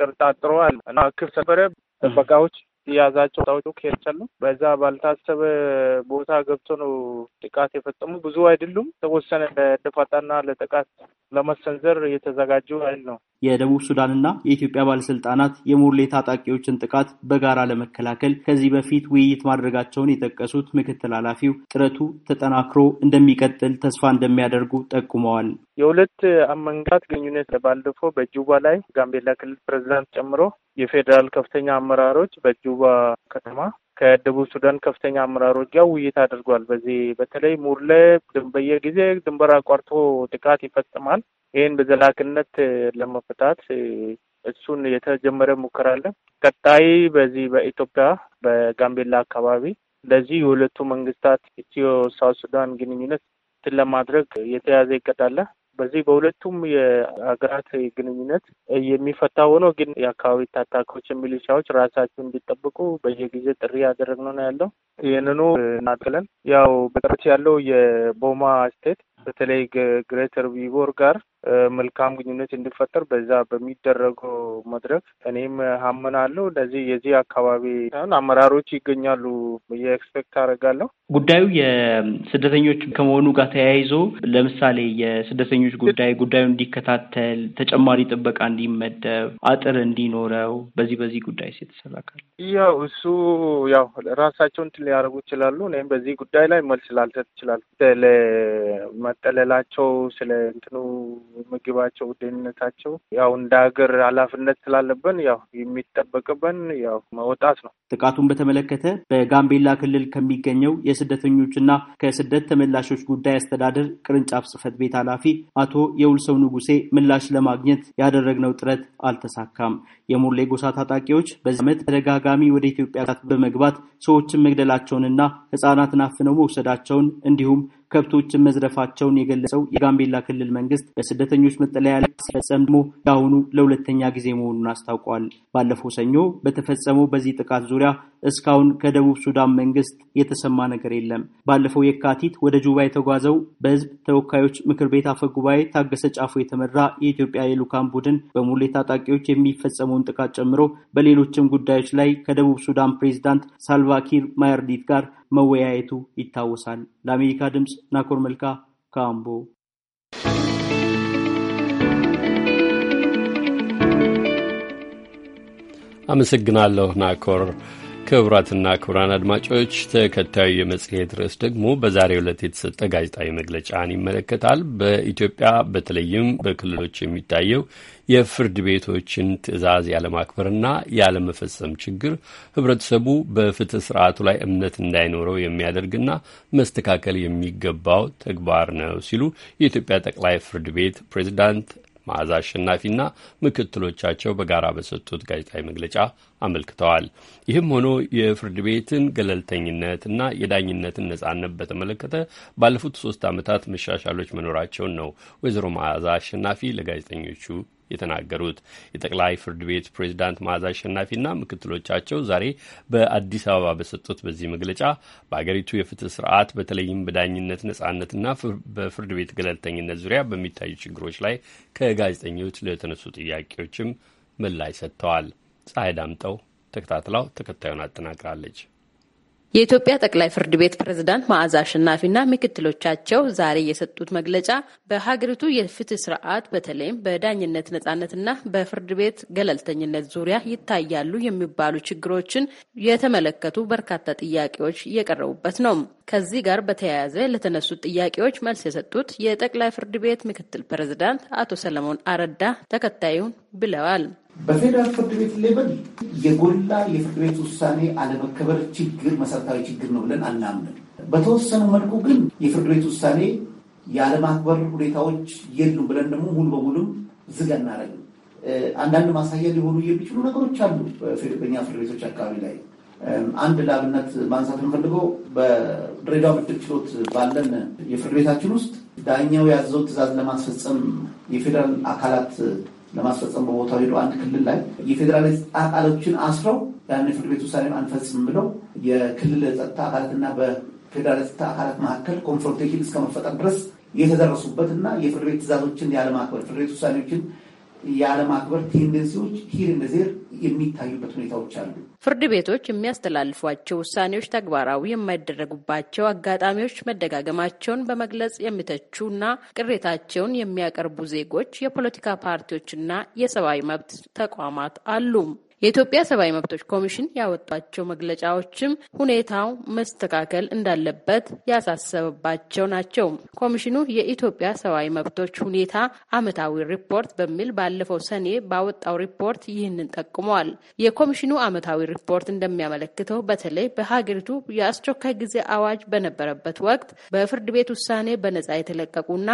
ጥርጣጥረዋል እና ክፍት ነበረ ጥበቃዎች የያዛቸው ታወጡ ኬርቸሉ በዛ ባልታሰበ ቦታ ገብቶ ነው ጥቃት የፈጸሙ። ብዙ አይደሉም፣ ተወሰነ ለደፈጣና ለጥቃት ለመሰንዘር የተዘጋጁ አይል ነው። የደቡብ ሱዳንና የኢትዮጵያ ባለስልጣናት የሞርሌ ታጣቂዎችን ጥቃት በጋራ ለመከላከል ከዚህ በፊት ውይይት ማድረጋቸውን የጠቀሱት ምክትል ኃላፊው ጥረቱ ተጠናክሮ እንደሚቀጥል ተስፋ እንደሚያደርጉ ጠቁመዋል። የሁለት መንግስታት ግንኙነት ባለፈው በጁባ ላይ ጋምቤላ ክልል ፕሬዚዳንት ጨምሮ የፌዴራል ከፍተኛ አመራሮች በጁባ ከተማ ከደቡብ ሱዳን ከፍተኛ አመራሮች ጋር ውይይት አድርጓል። በዚህ በተለይ ድንበየ ጊዜ ድንበር አቋርቶ ጥቃት ይፈጽማል። ይህን በዘላቂነት ለመፍታት እሱን የተጀመረ ሙከራ አለ። ቀጣይ በዚህ በኢትዮጵያ በጋምቤላ አካባቢ ለዚህ የሁለቱ መንግስታት ኢትዮ ሳውት ሱዳን ግንኙነት ለማድረግ የተያዘ ይቀጣለ በዚህ በሁለቱም የሀገራት ግንኙነት የሚፈታ ሆኖ ግን የአካባቢ ታጣቂዎች ሚሊሻዎች ራሳቸው እንዲጠብቁ በየጊዜ ጥሪ ያደረግነው ነው ያለው። ይህንኑ እናጥለን ያው በቅርች ያለው የቦማ ስቴት በተለይ ግሬተር ቪቦር ጋር መልካም ግንኙነት እንዲፈጠር በዛ በሚደረገው መድረክ እኔም አምናለሁ። እንደዚህ የዚህ አካባቢ አመራሮች ይገኛሉ ብዬ ኤክስፔክት አደርጋለሁ። ጉዳዩ የስደተኞች ከመሆኑ ጋር ተያይዞ ለምሳሌ የስደተኞች ጉዳይ ጉዳዩ እንዲከታተል ተጨማሪ ጥበቃ እንዲመደብ አጥር እንዲኖረው በዚህ በዚህ ጉዳይ የተሰራ ያው እሱ ያው ራሳቸውን እንትን ሊያደርጉ ይችላሉ። እኔም በዚህ ጉዳይ ላይ መልስ ላልሰጥ ይችላል። መጠለላቸው ስለ እንትኑ ምግባቸው፣ ደህንነታቸው ያው እንደ ሀገር ኃላፊነት ስላለብን ያው የሚጠበቅብን ያው መውጣት ነው። ጥቃቱን በተመለከተ በጋምቤላ ክልል ከሚገኘው የስደተኞችና ከስደት ተመላሾች ጉዳይ አስተዳደር ቅርንጫፍ ጽህፈት ቤት ኃላፊ አቶ የውልሰው ንጉሴ ምላሽ ለማግኘት ያደረግነው ጥረት አልተሳካም። የሙርሌ ጎሳ ታጣቂዎች በዚህ ዓመት ተደጋጋሚ ወደ ኢትዮጵያ በመግባት ሰዎችን መግደላቸውንና ህጻናትን አፍነው መውሰዳቸውን እንዲሁም ከብቶችን መዝረፋቸውን የገለጸው የጋምቤላ ክልል መንግስት በስደተኞች መጠለያ ላይ ሲፈጸም ደግሞ የአሁኑ ለሁለተኛ ጊዜ መሆኑን አስታውቋል። ባለፈው ሰኞ በተፈጸመው በዚህ ጥቃት ዙሪያ እስካሁን ከደቡብ ሱዳን መንግስት የተሰማ ነገር የለም። ባለፈው የካቲት ወደ ጁባ የተጓዘው በህዝብ ተወካዮች ምክር ቤት አፈ ጉባኤ ታገሰ ጫፎ የተመራ የኢትዮጵያ የልዑካን ቡድን በሙሌ ታጣቂዎች የሚፈጸመውን ጥቃት ጨምሮ በሌሎችም ጉዳዮች ላይ ከደቡብ ሱዳን ፕሬዚዳንት ሳልቫኪር ማያርዲት ጋር መወያየቱ ይታወሳል። ለአሜሪካ ድምፅ ናኮር መልካ ከአምቦ። አመሰግናለሁ ናኮር። ክቡራትና ክቡራን አድማጮች ተከታዩ የመጽሔት ርዕስ ደግሞ በዛሬ ዕለት የተሰጠ ጋዜጣዊ መግለጫን ይመለከታል። በኢትዮጵያ በተለይም በክልሎች የሚታየው የፍርድ ቤቶችን ትዕዛዝ ያለማክበርና ያለመፈጸም ችግር ሕብረተሰቡ በፍትህ ስርዓቱ ላይ እምነት እንዳይኖረው የሚያደርግና መስተካከል የሚገባው ተግባር ነው ሲሉ የኢትዮጵያ ጠቅላይ ፍርድ ቤት ፕሬዚዳንት መዓዛ አሸናፊና ምክትሎቻቸው በጋራ በሰጡት ጋዜጣዊ መግለጫ አመልክተዋል። ይህም ሆኖ የፍርድ ቤትን ገለልተኝነትና የዳኝነትን ነጻነት በተመለከተ ባለፉት ሶስት ዓመታት መሻሻሎች መኖራቸውን ነው ወይዘሮ መዓዛ አሸናፊ ለጋዜጠኞቹ የተናገሩት የጠቅላይ ፍርድ ቤት ፕሬዚዳንት መዓዛ አሸናፊና ምክትሎቻቸው ዛሬ በአዲስ አበባ በሰጡት በዚህ መግለጫ በአገሪቱ የፍትህ ስርዓት በተለይም በዳኝነት ነጻነትና በፍርድ ቤት ገለልተኝነት ዙሪያ በሚታዩ ችግሮች ላይ ከጋዜጠኞች ለተነሱ ጥያቄዎችም ምላሽ ሰጥተዋል። ፀሐይ ዳምጠው ተከታትላው ተከታዩን አጠናቅራለች። የኢትዮጵያ ጠቅላይ ፍርድ ቤት ፕሬዝዳንት መዓዛ አሸናፊና ምክትሎቻቸው ዛሬ የሰጡት መግለጫ በሀገሪቱ የፍትህ ስርዓት በተለይም በዳኝነት ነጻነትና በፍርድ ቤት ገለልተኝነት ዙሪያ ይታያሉ የሚባሉ ችግሮችን የተመለከቱ በርካታ ጥያቄዎች እየቀረቡበት ነው። ከዚህ ጋር በተያያዘ ለተነሱት ጥያቄዎች መልስ የሰጡት የጠቅላይ ፍርድ ቤት ምክትል ፕሬዝዳንት አቶ ሰለሞን አረዳ ተከታዩን ብለዋል። በፌዴራል ፍርድ ቤት ሌበል የጎላ የፍርድ ቤት ውሳኔ አለመከበር ችግር መሰረታዊ ችግር ነው ብለን አናምንም። በተወሰኑ መልኩ ግን የፍርድ ቤት ውሳኔ የአለማክበር ሁኔታዎች የሉም ብለን ደግሞ ሙሉ በሙሉም ዝግ አናደርግም። አንዳንድ ማሳያ ሊሆኑ የሚችሉ ነገሮች አሉ በኛ ፍርድ ቤቶች አካባቢ ላይ አንድ ለአብነት ማንሳት የምፈልገው በድሬዳዋ ምድብ ችሎት ባለን የፍርድ ቤታችን ውስጥ ዳኛው ያዘው ትዕዛዝ ለማስፈጸም የፌዴራል አካላት ለማስፈጸም በቦታው ሄዶ አንድ ክልል ላይ የፌዴራል አካሎችን አስረው ያን የፍርድ ቤት ውሳኔን አንፈጽም ብለው የክልል ጸጥታ አካላትና በፌዴራል ጸጥታ አካላት መካከል ኮንፍሮንቴሽን እስከመፈጠር ድረስ የተደረሱበት እና የፍርድ ቤት ትዕዛዞችን ያለማክበር፣ ፍርድ ቤት ውሳኔዎችን ያለማክበር ቴንደንሲዎች ሂር እንደዜር የሚታዩበት ሁኔታዎች አሉ። ፍርድ ቤቶች የሚያስተላልፏቸው ውሳኔዎች ተግባራዊ የማይደረጉባቸው አጋጣሚዎች መደጋገማቸውን በመግለጽ የሚተቹና ቅሬታቸውን የሚያቀርቡ ዜጎች፣ የፖለቲካ ፓርቲዎችና የሰብአዊ መብት ተቋማት አሉም። የኢትዮጵያ ሰብአዊ መብቶች ኮሚሽን ያወጣቸው መግለጫዎችም ሁኔታው መስተካከል እንዳለበት ያሳሰበባቸው ናቸው። ኮሚሽኑ የኢትዮጵያ ሰብአዊ መብቶች ሁኔታ ዓመታዊ ሪፖርት በሚል ባለፈው ሰኔ ባወጣው ሪፖርት ይህንን ጠቁመዋል። የኮሚሽኑ ዓመታዊ ሪፖርት እንደሚያመለክተው በተለይ በሀገሪቱ የአስቸኳይ ጊዜ አዋጅ በነበረበት ወቅት በፍርድ ቤት ውሳኔ በነጻ የተለቀቁና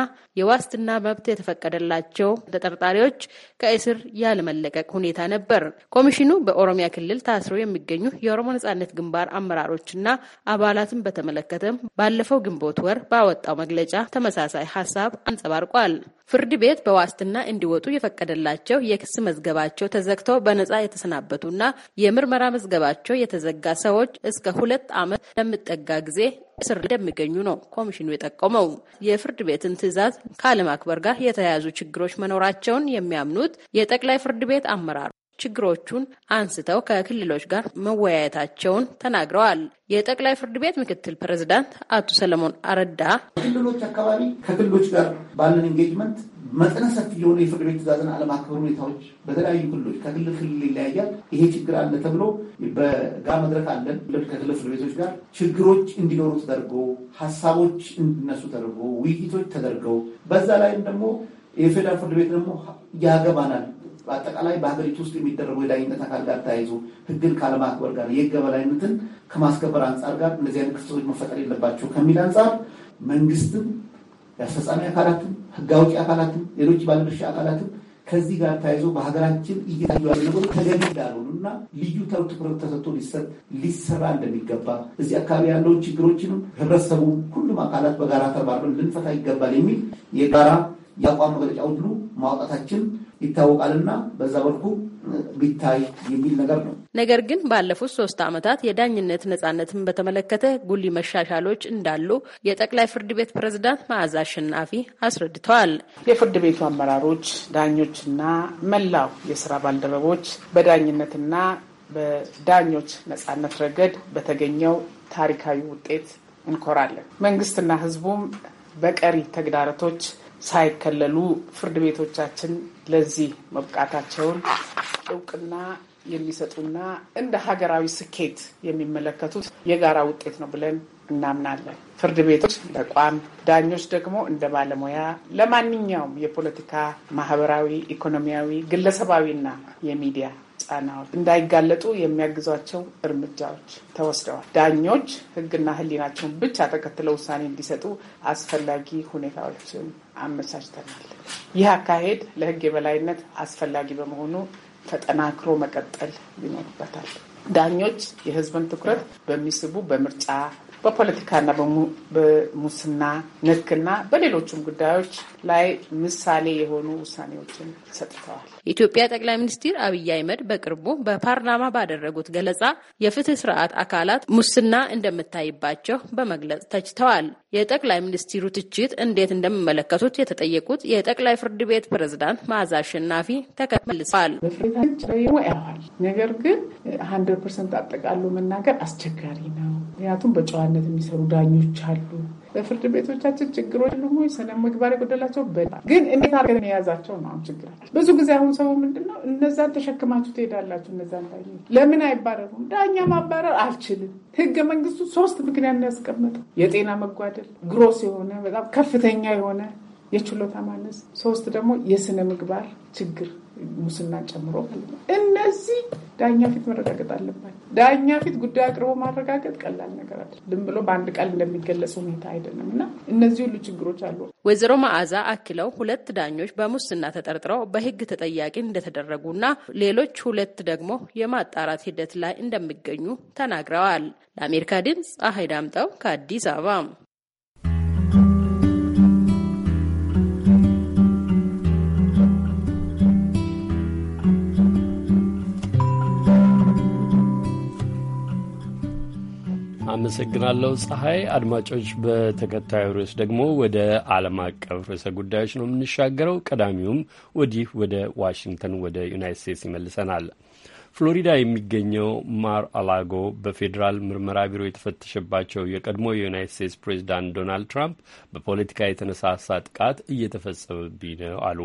የዋስትና መብት የተፈቀደላቸው ተጠርጣሪዎች ከእስር ያለመለቀቅ ሁኔታ ነበር። ኮሚሽኑ በኦሮሚያ ክልል ታስረው የሚገኙ የኦሮሞ ነጻነት ግንባር አመራሮችና አባላትን በተመለከተም ባለፈው ግንቦት ወር ባወጣው መግለጫ ተመሳሳይ ሀሳብ አንጸባርቋል። ፍርድ ቤት በዋስትና እንዲወጡ የፈቀደላቸው የክስ መዝገባቸው ተዘግተው በነጻ የተሰናበቱና የምርመራ መዝገባቸው የተዘጋ ሰዎች እስከ ሁለት ዓመት ለሚጠጋ ጊዜ እስር እንደሚገኙ ነው ኮሚሽኑ የጠቆመው። የፍርድ ቤትን ትዕዛዝ አክበር ጋር የተያያዙ ችግሮች መኖራቸውን የሚያምኑት የጠቅላይ ፍርድ ቤት አመራር ችግሮቹን አንስተው ከክልሎች ጋር መወያየታቸውን ተናግረዋል። የጠቅላይ ፍርድ ቤት ምክትል ፕሬዝዳንት አቶ ሰለሞን አረዳ ክልሎች አካባቢ ከክልሎች ጋር ባለን ኤንጌጅመንት መጠነ ሰፊ የሆነ የፍርድ ቤት ትእዛዝን አለማክበር ሁኔታዎች በተለያዩ ክልሎች ከክልል ክልል ይለያያል። ይሄ ችግር አለ ተብሎ በጋ መድረክ አለን ከክልል ፍርድ ቤቶች ጋር ችግሮች እንዲኖሩ ተደርጎ ሀሳቦች እንዲነሱ ተደርጎ ውይይቶች ተደርገው በዛ ላይም ደግሞ የፌዴራል ፍርድ ቤት ደግሞ ያገባናል በአጠቃላይ በሀገሪቱ ውስጥ የሚደረጉ የዳኝነት አካል ጋር ተያይዞ ህግን ካለማክበር ጋር የህግ የበላይነትን ከማስከበር አንጻር ጋር እንደዚህ አይነት ክስተቶች መፈጠር የለባቸው ከሚል አንጻር መንግስትም የአስፈጻሚ አካላትም ህግ አውጪ አካላትም ሌሎች ባለድርሻ አካላትም ከዚህ ጋር ተያይዞ በሀገራችን እየታዩ ያሉ ተገቢ እንዳልሆኑ እና ልዩ ተው ትኩረት ተሰጥቶ ሊሰራ እንደሚገባ እዚህ አካባቢ ያለውን ችግሮችንም ህብረተሰቡ፣ ሁሉም አካላት በጋራ ተባብረን ልንፈታ ይገባል የሚል የጋራ የአቋም መግለጫ ውድሉ ማውጣታችን ይታወቃልና በዛ መልኩ ቢታይ የሚል ነገር ነው። ነገር ግን ባለፉት ሶስት ዓመታት የዳኝነት ነጻነትን በተመለከተ ጉሊ መሻሻሎች እንዳሉ የጠቅላይ ፍርድ ቤት ፕሬዝዳንት መዓዛ አሸናፊ አስረድተዋል። የፍርድ ቤቱ አመራሮች፣ ዳኞችና መላው የስራ ባልደረቦች በዳኝነትና በዳኞች ነጻነት ረገድ በተገኘው ታሪካዊ ውጤት እንኮራለን። መንግስትና ህዝቡም በቀሪ ተግዳሮቶች ሳይከለሉ ፍርድ ቤቶቻችን ለዚህ መብቃታቸውን እውቅና የሚሰጡና እንደ ሀገራዊ ስኬት የሚመለከቱት የጋራ ውጤት ነው ብለን እናምናለን። ፍርድ ቤቶች ተቋም፣ ዳኞች ደግሞ እንደ ባለሙያ ለማንኛውም የፖለቲካ ማህበራዊ፣ ኢኮኖሚያዊ፣ ግለሰባዊና የሚዲያ ጫናዎች እንዳይጋለጡ የሚያግዟቸው እርምጃዎች ተወስደዋል። ዳኞች ሕግና ሕሊናቸውን ብቻ ተከትለው ውሳኔ እንዲሰጡ አስፈላጊ ሁኔታዎችን አመቻችተናል። ይህ አካሄድ ለሕግ የበላይነት አስፈላጊ በመሆኑ ተጠናክሮ መቀጠል ይኖርበታል። ዳኞች የህዝብን ትኩረት በሚስቡ በምርጫ በፖለቲካና በሙስና ንክና በሌሎችም ጉዳዮች ላይ ምሳሌ የሆኑ ውሳኔዎችን ሰጥተዋል። የኢትዮጵያ ጠቅላይ ሚኒስትር አብይ አህመድ በቅርቡ በፓርላማ ባደረጉት ገለጻ የፍትህ ስርዓት አካላት ሙስና እንደምታይባቸው በመግለጽ ተችተዋል። የጠቅላይ ሚኒስትሩ ትችት እንዴት እንደሚመለከቱት የተጠየቁት የጠቅላይ ፍርድ ቤት ፕሬዝዳንት መዓዛ አሸናፊ ተመልሰዋል። ነገር ግን ሀንድረድ ፐርሰንት አጠቃሉ መናገር አስቸጋሪ ነው። ምክንያቱም በጨዋ በዋናነት የሚሰሩ ዳኞች አሉ። በፍርድ ቤቶቻችን ችግሮች ደግሞ ስነ ምግባር የጎደላቸው ግን እንዴት አድርገን የያዛቸው ነው ችግራቸው። ብዙ ጊዜ አሁን ሰው ምንድን ነው እነዛን ተሸክማችሁ ትሄዳላችሁ። እነዛን ዳኞች ለምን አይባረሩም? ዳኛ ማባረር አልችልም። ህገ መንግስቱ ሶስት ምክንያት ነው ያስቀመጠው። የጤና መጓደል ግሮስ የሆነ በጣም ከፍተኛ የሆነ የችሎታ ማነስ፣ ሶስት ደግሞ የስነ ምግባር ችግር ሙስና ጨምሮ ማለት ነው። እነዚህ ዳኛ ፊት መረጋገጥ አለባቸው። ዳኛ ፊት ጉዳይ አቅርቦ ማረጋገጥ ቀላል ነገር አለ፣ ዝም ብሎ በአንድ ቃል እንደሚገለጽ ሁኔታ አይደለም እና እነዚህ ሁሉ ችግሮች አሉ። ወይዘሮ መዓዛ አክለው ሁለት ዳኞች በሙስና ተጠርጥረው በሕግ ተጠያቂ እንደተደረጉና ሌሎች ሁለት ደግሞ የማጣራት ሂደት ላይ እንደሚገኙ ተናግረዋል። ለአሜሪካ ድምፅ ፀሐይ ዳምጠው ከአዲስ አበባ አመሰግናለሁ ፀሐይ። አድማጮች፣ በተከታዩ ርዕስ ደግሞ ወደ ዓለም አቀፍ ርዕሰ ጉዳዮች ነው የምንሻገረው። ቀዳሚውም ወዲህ ወደ ዋሽንግተን ወደ ዩናይት ስቴትስ ይመልሰናል። ፍሎሪዳ የሚገኘው ማር አላጎ በፌዴራል ምርመራ ቢሮ የተፈተሸባቸው የቀድሞ የዩናይት ስቴትስ ፕሬዚዳንት ዶናልድ ትራምፕ በፖለቲካ የተነሳሳ ጥቃት እየተፈጸመብኝ ነው አሉ።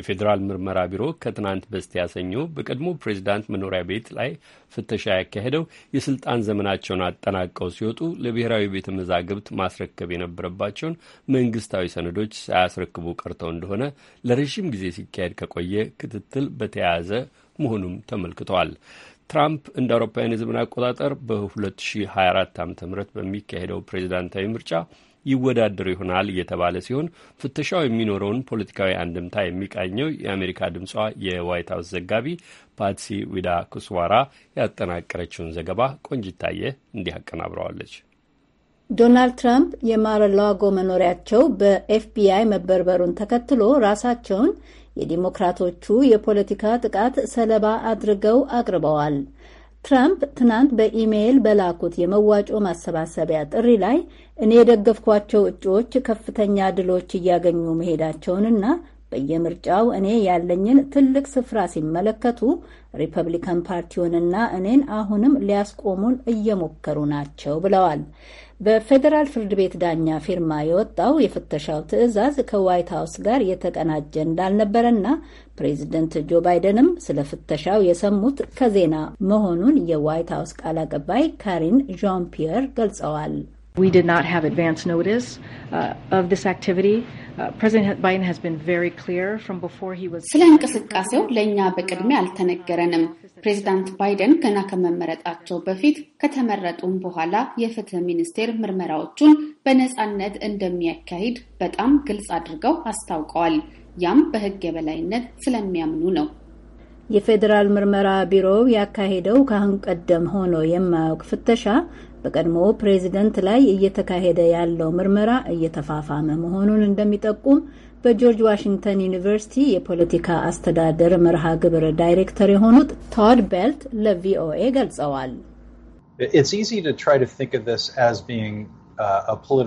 የፌዴራል ምርመራ ቢሮ ከትናንት በስቲያ ሰኞ በቀድሞ ፕሬዚዳንት መኖሪያ ቤት ላይ ፍተሻ ያካሄደው የስልጣን ዘመናቸውን አጠናቀው ሲወጡ ለብሔራዊ ቤተ መዛግብት ማስረከብ የነበረባቸውን መንግስታዊ ሰነዶች ሳያስረክቡ ቀርተው እንደሆነ ለረዥም ጊዜ ሲካሄድ ከቆየ ክትትል በተያያዘ መሆኑም ተመልክተዋል። ትራምፕ እንደ አውሮፓውያን የዘመን አቆጣጠር በ2024 ዓ ም በሚካሄደው ፕሬዚዳንታዊ ምርጫ ይወዳደሩ ይሆናል እየተባለ ሲሆን ፍተሻው የሚኖረውን ፖለቲካዊ አንድምታ የሚቃኘው የአሜሪካ ድምጿ የዋይት ሀውስ ዘጋቢ ፓትሲ ዊዳ ኩስዋራ ያጠናቀረችውን ዘገባ ቆንጅታየ እንዲህ አቀናብረዋለች። ዶናልድ ትራምፕ የማረላጎ መኖሪያቸው በኤፍቢአይ መበርበሩን ተከትሎ ራሳቸውን የዲሞክራቶቹ የፖለቲካ ጥቃት ሰለባ አድርገው አቅርበዋል። ትራምፕ ትናንት በኢሜይል በላኩት የመዋጮ ማሰባሰቢያ ጥሪ ላይ እኔ የደገፍኳቸው እጩዎች ከፍተኛ ድሎች እያገኙ መሄዳቸውንና በየምርጫው እኔ ያለኝን ትልቅ ስፍራ ሲመለከቱ ሪፐብሊካን ፓርቲውንና እኔን አሁንም ሊያስቆሙን እየሞከሩ ናቸው ብለዋል። በፌዴራል ፍርድ ቤት ዳኛ ፊርማ የወጣው የፍተሻው ትዕዛዝ ከዋይት ሀውስ ጋር የተቀናጀ እንዳልነበረና ፕሬዚደንት ጆ ባይደንም ስለ ፍተሻው የሰሙት ከዜና መሆኑን የዋይት ሀውስ ቃል አቀባይ ካሪን ዣን ፒየር ገልጸዋል። We did not have advance notice uh, of this activity. Uh, President Biden has been very clear from before he was... ስለ እንቅስቃሴው ለእኛ በቅድሚያ አልተነገረንም። ፕሬዚዳንት ባይደን ገና ከመመረጣቸው በፊት ከተመረጡም በኋላ የፍትህ ሚኒስቴር ምርመራዎቹን በነፃነት እንደሚያካሂድ በጣም ግልጽ አድርገው አስታውቀዋል። ያም በህግ የበላይነት ስለሚያምኑ ነው። የፌዴራል ምርመራ ቢሮው ያካሄደው ከአሁን ቀደም ሆኖ የማያውቅ ፍተሻ በቀድሞ ፕሬዚደንት ላይ እየተካሄደ ያለው ምርመራ እየተፋፋመ መሆኑን እንደሚጠቁም በጆርጅ ዋሽንግተን ዩኒቨርሲቲ የፖለቲካ አስተዳደር መርሃ ግብር ዳይሬክተር የሆኑት ቶድ ቤልት ለቪኦኤ ገልጸዋል። Uh,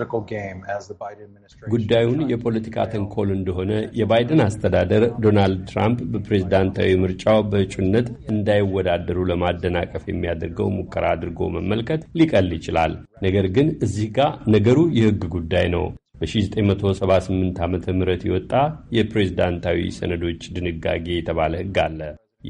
ጉዳዩን የፖለቲካ ተንኮል እንደሆነ የባይደን አስተዳደር ዶናልድ ትራምፕ በፕሬዝዳንታዊ ምርጫው በእጩነት እንዳይወዳደሩ ለማደናቀፍ የሚያደርገው ሙከራ አድርጎ መመልከት ሊቀል ይችላል። ነገር ግን እዚህ ጋር ነገሩ የሕግ ጉዳይ ነው። በ1978 ዓ ም የወጣ የፕሬዝዳንታዊ ሰነዶች ድንጋጌ የተባለ ሕግ አለ።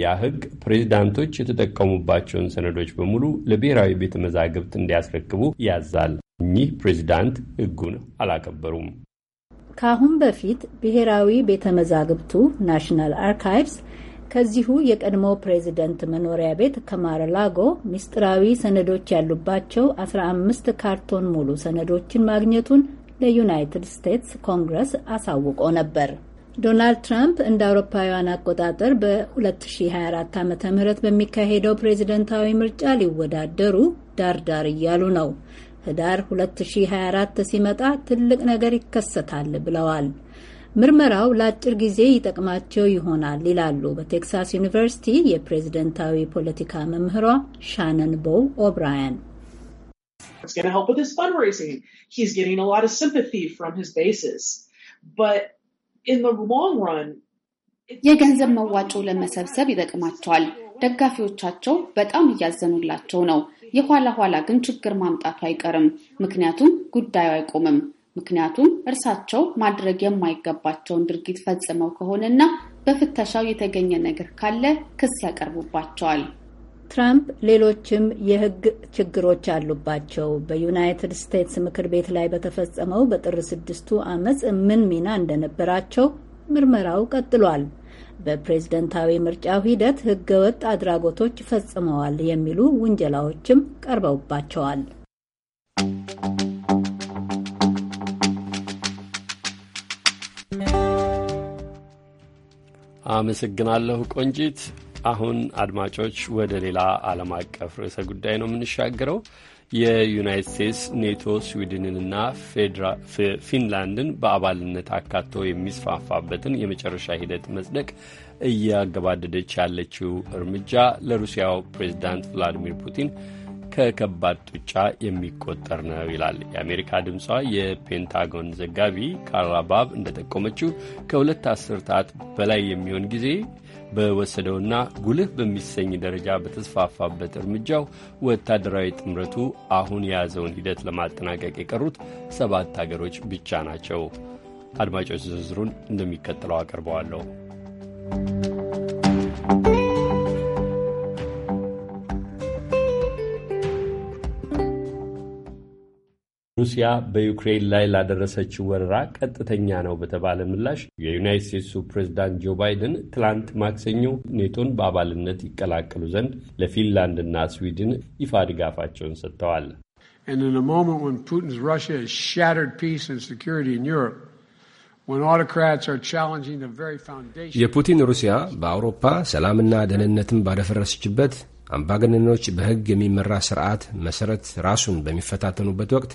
ያ ሕግ ፕሬዚዳንቶች የተጠቀሙባቸውን ሰነዶች በሙሉ ለብሔራዊ ቤተ መዛግብት እንዲያስረክቡ ያዛል። እኚህ ፕሬዚዳንት ህጉን አላከበሩም። ከአሁን በፊት ብሔራዊ ቤተ መዛግብቱ ናሽናል አርካይቭስ ከዚሁ የቀድሞ ፕሬዚደንት መኖሪያ ቤት ከማረላጎ ምስጢራዊ ሰነዶች ያሉባቸው 15 ካርቶን ሙሉ ሰነዶችን ማግኘቱን ለዩናይትድ ስቴትስ ኮንግረስ አሳውቆ ነበር። ዶናልድ ትራምፕ እንደ አውሮፓውያን አቆጣጠር በ2024 ዓ ም በሚካሄደው ፕሬዝደንታዊ ምርጫ ሊወዳደሩ ዳር ዳር እያሉ ነው። ህዳር 2024 ሲመጣ ትልቅ ነገር ይከሰታል ብለዋል። ምርመራው ለአጭር ጊዜ ይጠቅማቸው ይሆናል ይላሉ በቴክሳስ ዩኒቨርሲቲ የፕሬዝደንታዊ ፖለቲካ መምህሯ ሻነን ቦ ኦብራያን። የገንዘብ መዋጮ ለመሰብሰብ ይጠቅማቸዋል። ደጋፊዎቻቸው በጣም እያዘኑላቸው ነው። የኋላ ኋላ ግን ችግር ማምጣቱ አይቀርም። ምክንያቱም ጉዳዩ አይቆምም። ምክንያቱም እርሳቸው ማድረግ የማይገባቸውን ድርጊት ፈጽመው ከሆነና በፍተሻው የተገኘ ነገር ካለ ክስ ያቀርቡባቸዋል። ትራምፕ ሌሎችም የሕግ ችግሮች አሉባቸው። በዩናይትድ ስቴትስ ምክር ቤት ላይ በተፈጸመው በጥር ስድስቱ አመፅ ምን ሚና እንደነበራቸው ምርመራው ቀጥሏል። በፕሬዝደንታዊ ምርጫው ሂደት ወጥ አድራጎቶች ፈጽመዋል የሚሉ ውንጀላዎችም ቀርበውባቸዋል። አመሰግናለሁ ቆንጂት። አሁን አድማጮች ወደ ሌላ ዓለም አቀፍ ርዕሰ ጉዳይ ነው የምንሻገረው። የዩናይት ስቴትስ ኔቶ ስዊድንንና ፊንላንድን በአባልነት አካቶ የሚስፋፋበትን የመጨረሻ ሂደት መጽደቅ እያገባደደች ያለችው እርምጃ ለሩሲያው ፕሬዚዳንት ቭላዲሚር ፑቲን ከከባድ ጡጫ የሚቆጠር ነው ይላል የአሜሪካ ድምጿ የፔንታጎን ዘጋቢ ካርላ ባብ እንደጠቆመችው ከሁለት አስርታት በላይ የሚሆን ጊዜ በወሰደውና ጉልህ በሚሰኝ ደረጃ በተስፋፋበት እርምጃው ወታደራዊ ጥምረቱ አሁን የያዘውን ሂደት ለማጠናቀቅ የቀሩት ሰባት አገሮች ብቻ ናቸው። አድማጮች ዝርዝሩን እንደሚከተለው አቀርበዋለሁ። ሩሲያ በዩክሬን ላይ ላደረሰችው ወረራ ቀጥተኛ ነው በተባለ ምላሽ የዩናይት ስቴትሱ ፕሬዝዳንት ጆ ባይደን ትላንት ማክሰኞ ኔቶን በአባልነት ይቀላቀሉ ዘንድ ለፊንላንድና ስዊድን ይፋ ድጋፋቸውን ሰጥተዋል። የፑቲን ሩሲያ በአውሮፓ ሰላምና ደህንነትን ባደፈረሰችበት አምባገነኖች በሕግ የሚመራ ስርዓት መሠረት ራሱን በሚፈታተኑበት ወቅት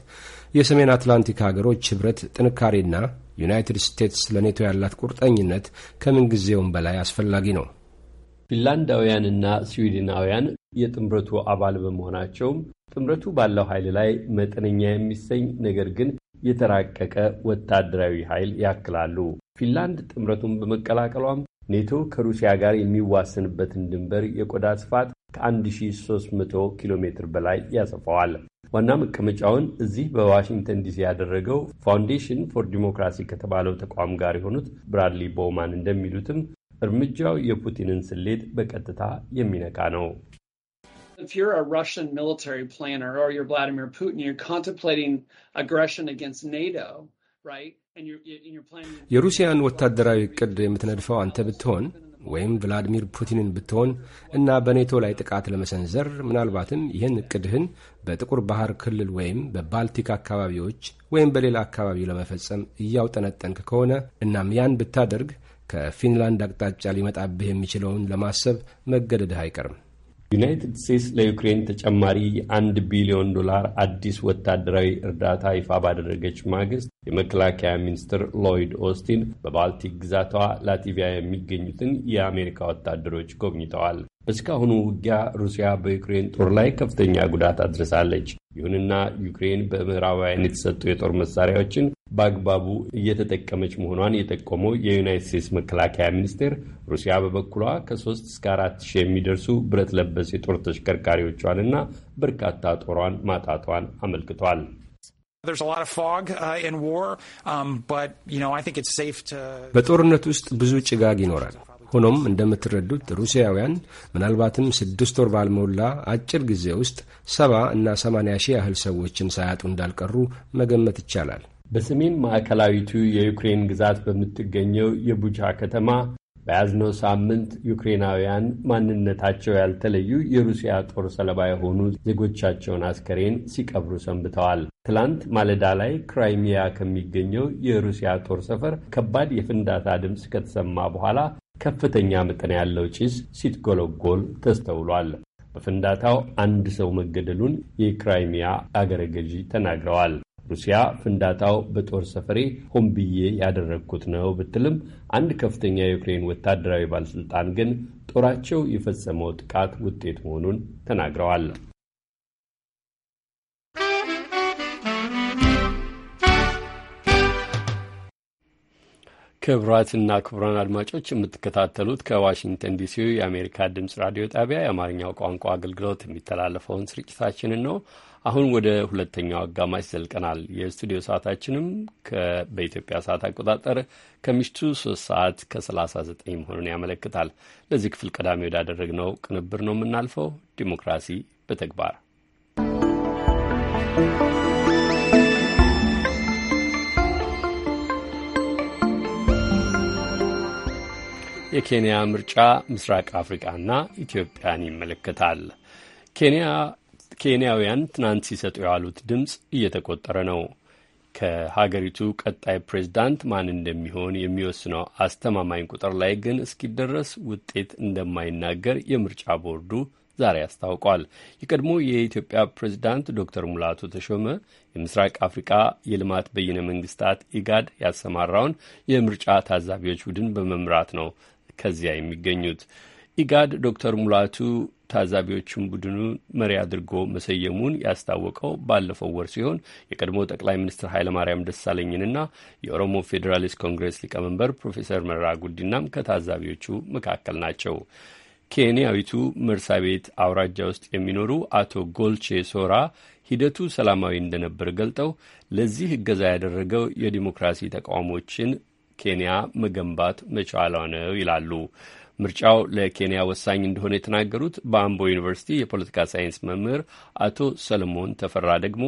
የሰሜን አትላንቲክ ሀገሮች ኅብረት ጥንካሬና ዩናይትድ ስቴትስ ለኔቶ ያላት ቁርጠኝነት ከምንጊዜውም በላይ አስፈላጊ ነው። ፊንላንዳውያንና ስዊድናውያን የጥምረቱ አባል በመሆናቸውም ጥምረቱ ባለው ኃይል ላይ መጠነኛ የሚሰኝ ነገር ግን የተራቀቀ ወታደራዊ ኃይል ያክላሉ። ፊንላንድ ጥምረቱን በመቀላቀሏም ኔቶ ከሩሲያ ጋር የሚዋሰንበትን ድንበር የቆዳ ስፋት ከ1300 ኪሎ ሜትር በላይ ያሰፋዋል። ዋና መቀመጫውን እዚህ በዋሽንግተን ዲሲ ያደረገው ፋውንዴሽን ፎር ዲሞክራሲ ከተባለው ተቋም ጋር የሆኑት ብራድሊ ቦውማን እንደሚሉትም እርምጃው የፑቲንን ስሌት በቀጥታ የሚነካ ነው። የሩሲያን ወታደራዊ ዕቅድ የምትነድፈው አንተ ብትሆን ወይም ቭላዲሚር ፑቲንን ብትሆን እና በኔቶ ላይ ጥቃት ለመሰንዘር ምናልባትም ይህን ዕቅድህን በጥቁር ባህር ክልል ወይም በባልቲክ አካባቢዎች ወይም በሌላ አካባቢ ለመፈጸም እያውጠነጠንክ ከሆነ እናም ያን ብታደርግ ከፊንላንድ አቅጣጫ ሊመጣብህ የሚችለውን ለማሰብ መገደድህ አይቀርም። ዩናይትድ ስቴትስ ለዩክሬን ተጨማሪ የአንድ ቢሊዮን ዶላር አዲስ ወታደራዊ እርዳታ ይፋ ባደረገች ማግስት የመከላከያ ሚኒስትር ሎይድ ኦስቲን በባልቲክ ግዛቷ ላቲቪያ የሚገኙትን የአሜሪካ ወታደሮች ጎብኝተዋል። እስካሁኑ ውጊያ ሩሲያ በዩክሬን ጦር ላይ ከፍተኛ ጉዳት አድርሳለች። ይሁንና ዩክሬን በምዕራባውያን የተሰጡ የጦር መሳሪያዎችን በአግባቡ እየተጠቀመች መሆኗን የጠቆመው የዩናይት ስቴትስ መከላከያ ሚኒስቴር ሩሲያ በበኩሏ ከሶስት እስከ አራት ሺህ የሚደርሱ ብረት ለበስ የጦር ተሽከርካሪዎቿንና በርካታ ጦሯን ማጣቷን አመልክቷል። there's a lot of fog uh, in war, um, but you know I think it's safe to በጦርነት ውስጥ ብዙ ጭጋግ ይኖራል። ሆኖም እንደምትረዱት ሩሲያውያን ምናልባትም ስድስት ወር ባልሞላ አጭር ጊዜ ውስጥ ሰባ እና ሰማንያ ሺህ ያህል ሰዎችን ሳያጡ እንዳልቀሩ መገመት ይቻላል። በሰሜን ማዕከላዊቱ የዩክሬን ግዛት በምትገኘው የቡቻ ከተማ በያዝነው ሳምንት ዩክሬናውያን ማንነታቸው ያልተለዩ የሩሲያ ጦር ሰለባ የሆኑ ዜጎቻቸውን አስከሬን ሲቀብሩ ሰንብተዋል። ትላንት ማለዳ ላይ ክራይሚያ ከሚገኘው የሩሲያ ጦር ሰፈር ከባድ የፍንዳታ ድምፅ ከተሰማ በኋላ ከፍተኛ መጠን ያለው ጭስ ሲትጎለጎል ተስተውሏል። በፍንዳታው አንድ ሰው መገደሉን የክራይሚያ አገረ ገዢ ተናግረዋል። ሩሲያ ፍንዳታው በጦር ሰፈሬ ሆን ብዬ ያደረግኩት ነው ብትልም አንድ ከፍተኛ የዩክሬን ወታደራዊ ባለሥልጣን ግን ጦራቸው የፈጸመው ጥቃት ውጤት መሆኑን ተናግረዋል። ክቡራትና ክቡራን አድማጮች የምትከታተሉት ከዋሽንግተን ዲሲ የአሜሪካ ድምፅ ራዲዮ ጣቢያ የአማርኛው ቋንቋ አገልግሎት የሚተላለፈውን ስርጭታችንን ነው። አሁን ወደ ሁለተኛው አጋማሽ ዘልቀናል። የስቱዲዮ ሰዓታችንም በኢትዮጵያ ሰዓት አቆጣጠር ከምሽቱ ሶስት ሰዓት ከሰላሳ ዘጠኝ መሆኑን ያመለክታል። ለዚህ ክፍል ቀዳሚ ወዳደረግነው ቅንብር ነው የምናልፈው። ዲሞክራሲ በተግባር የኬንያ ምርጫ ምስራቅ አፍሪቃና ኢትዮጵያን ይመለከታል። ኬንያ ኬንያውያን ትናንት ሲሰጡ የዋሉት ድምፅ እየተቆጠረ ነው። ከሀገሪቱ ቀጣይ ፕሬዝዳንት ማን እንደሚሆን የሚወስነው አስተማማኝ ቁጥር ላይ ግን እስኪደረስ ውጤት እንደማይናገር የምርጫ ቦርዱ ዛሬ አስታውቋል። የቀድሞ የኢትዮጵያ ፕሬዝዳንት ዶክተር ሙላቱ ተሾመ የምስራቅ አፍሪካ የልማት በይነ መንግስታት ኢጋድ ያሰማራውን የምርጫ ታዛቢዎች ቡድን በመምራት ነው ከዚያ የሚገኙት። ኢጋድ ዶክተር ሙላቱ ታዛቢዎችን ቡድኑ መሪ አድርጎ መሰየሙን ያስታወቀው ባለፈው ወር ሲሆን የቀድሞ ጠቅላይ ሚኒስትር ኃይለማርያም ደሳለኝንና የኦሮሞ ፌዴራሊስት ኮንግሬስ ሊቀመንበር ፕሮፌሰር መረራ ጉዲናም ከታዛቢዎቹ መካከል ናቸው። ኬንያዊቱ መርሳቤት አውራጃ ውስጥ የሚኖሩ አቶ ጎልቼ ሶራ ሂደቱ ሰላማዊ እንደነበር ገልጠው ለዚህ እገዛ ያደረገው የዲሞክራሲ ተቃውሞችን ኬንያ መገንባት መቻሏ ነው ይላሉ። ምርጫው ለኬንያ ወሳኝ እንደሆነ የተናገሩት በአምቦ ዩኒቨርሲቲ የፖለቲካ ሳይንስ መምህር አቶ ሰለሞን ተፈራ ደግሞ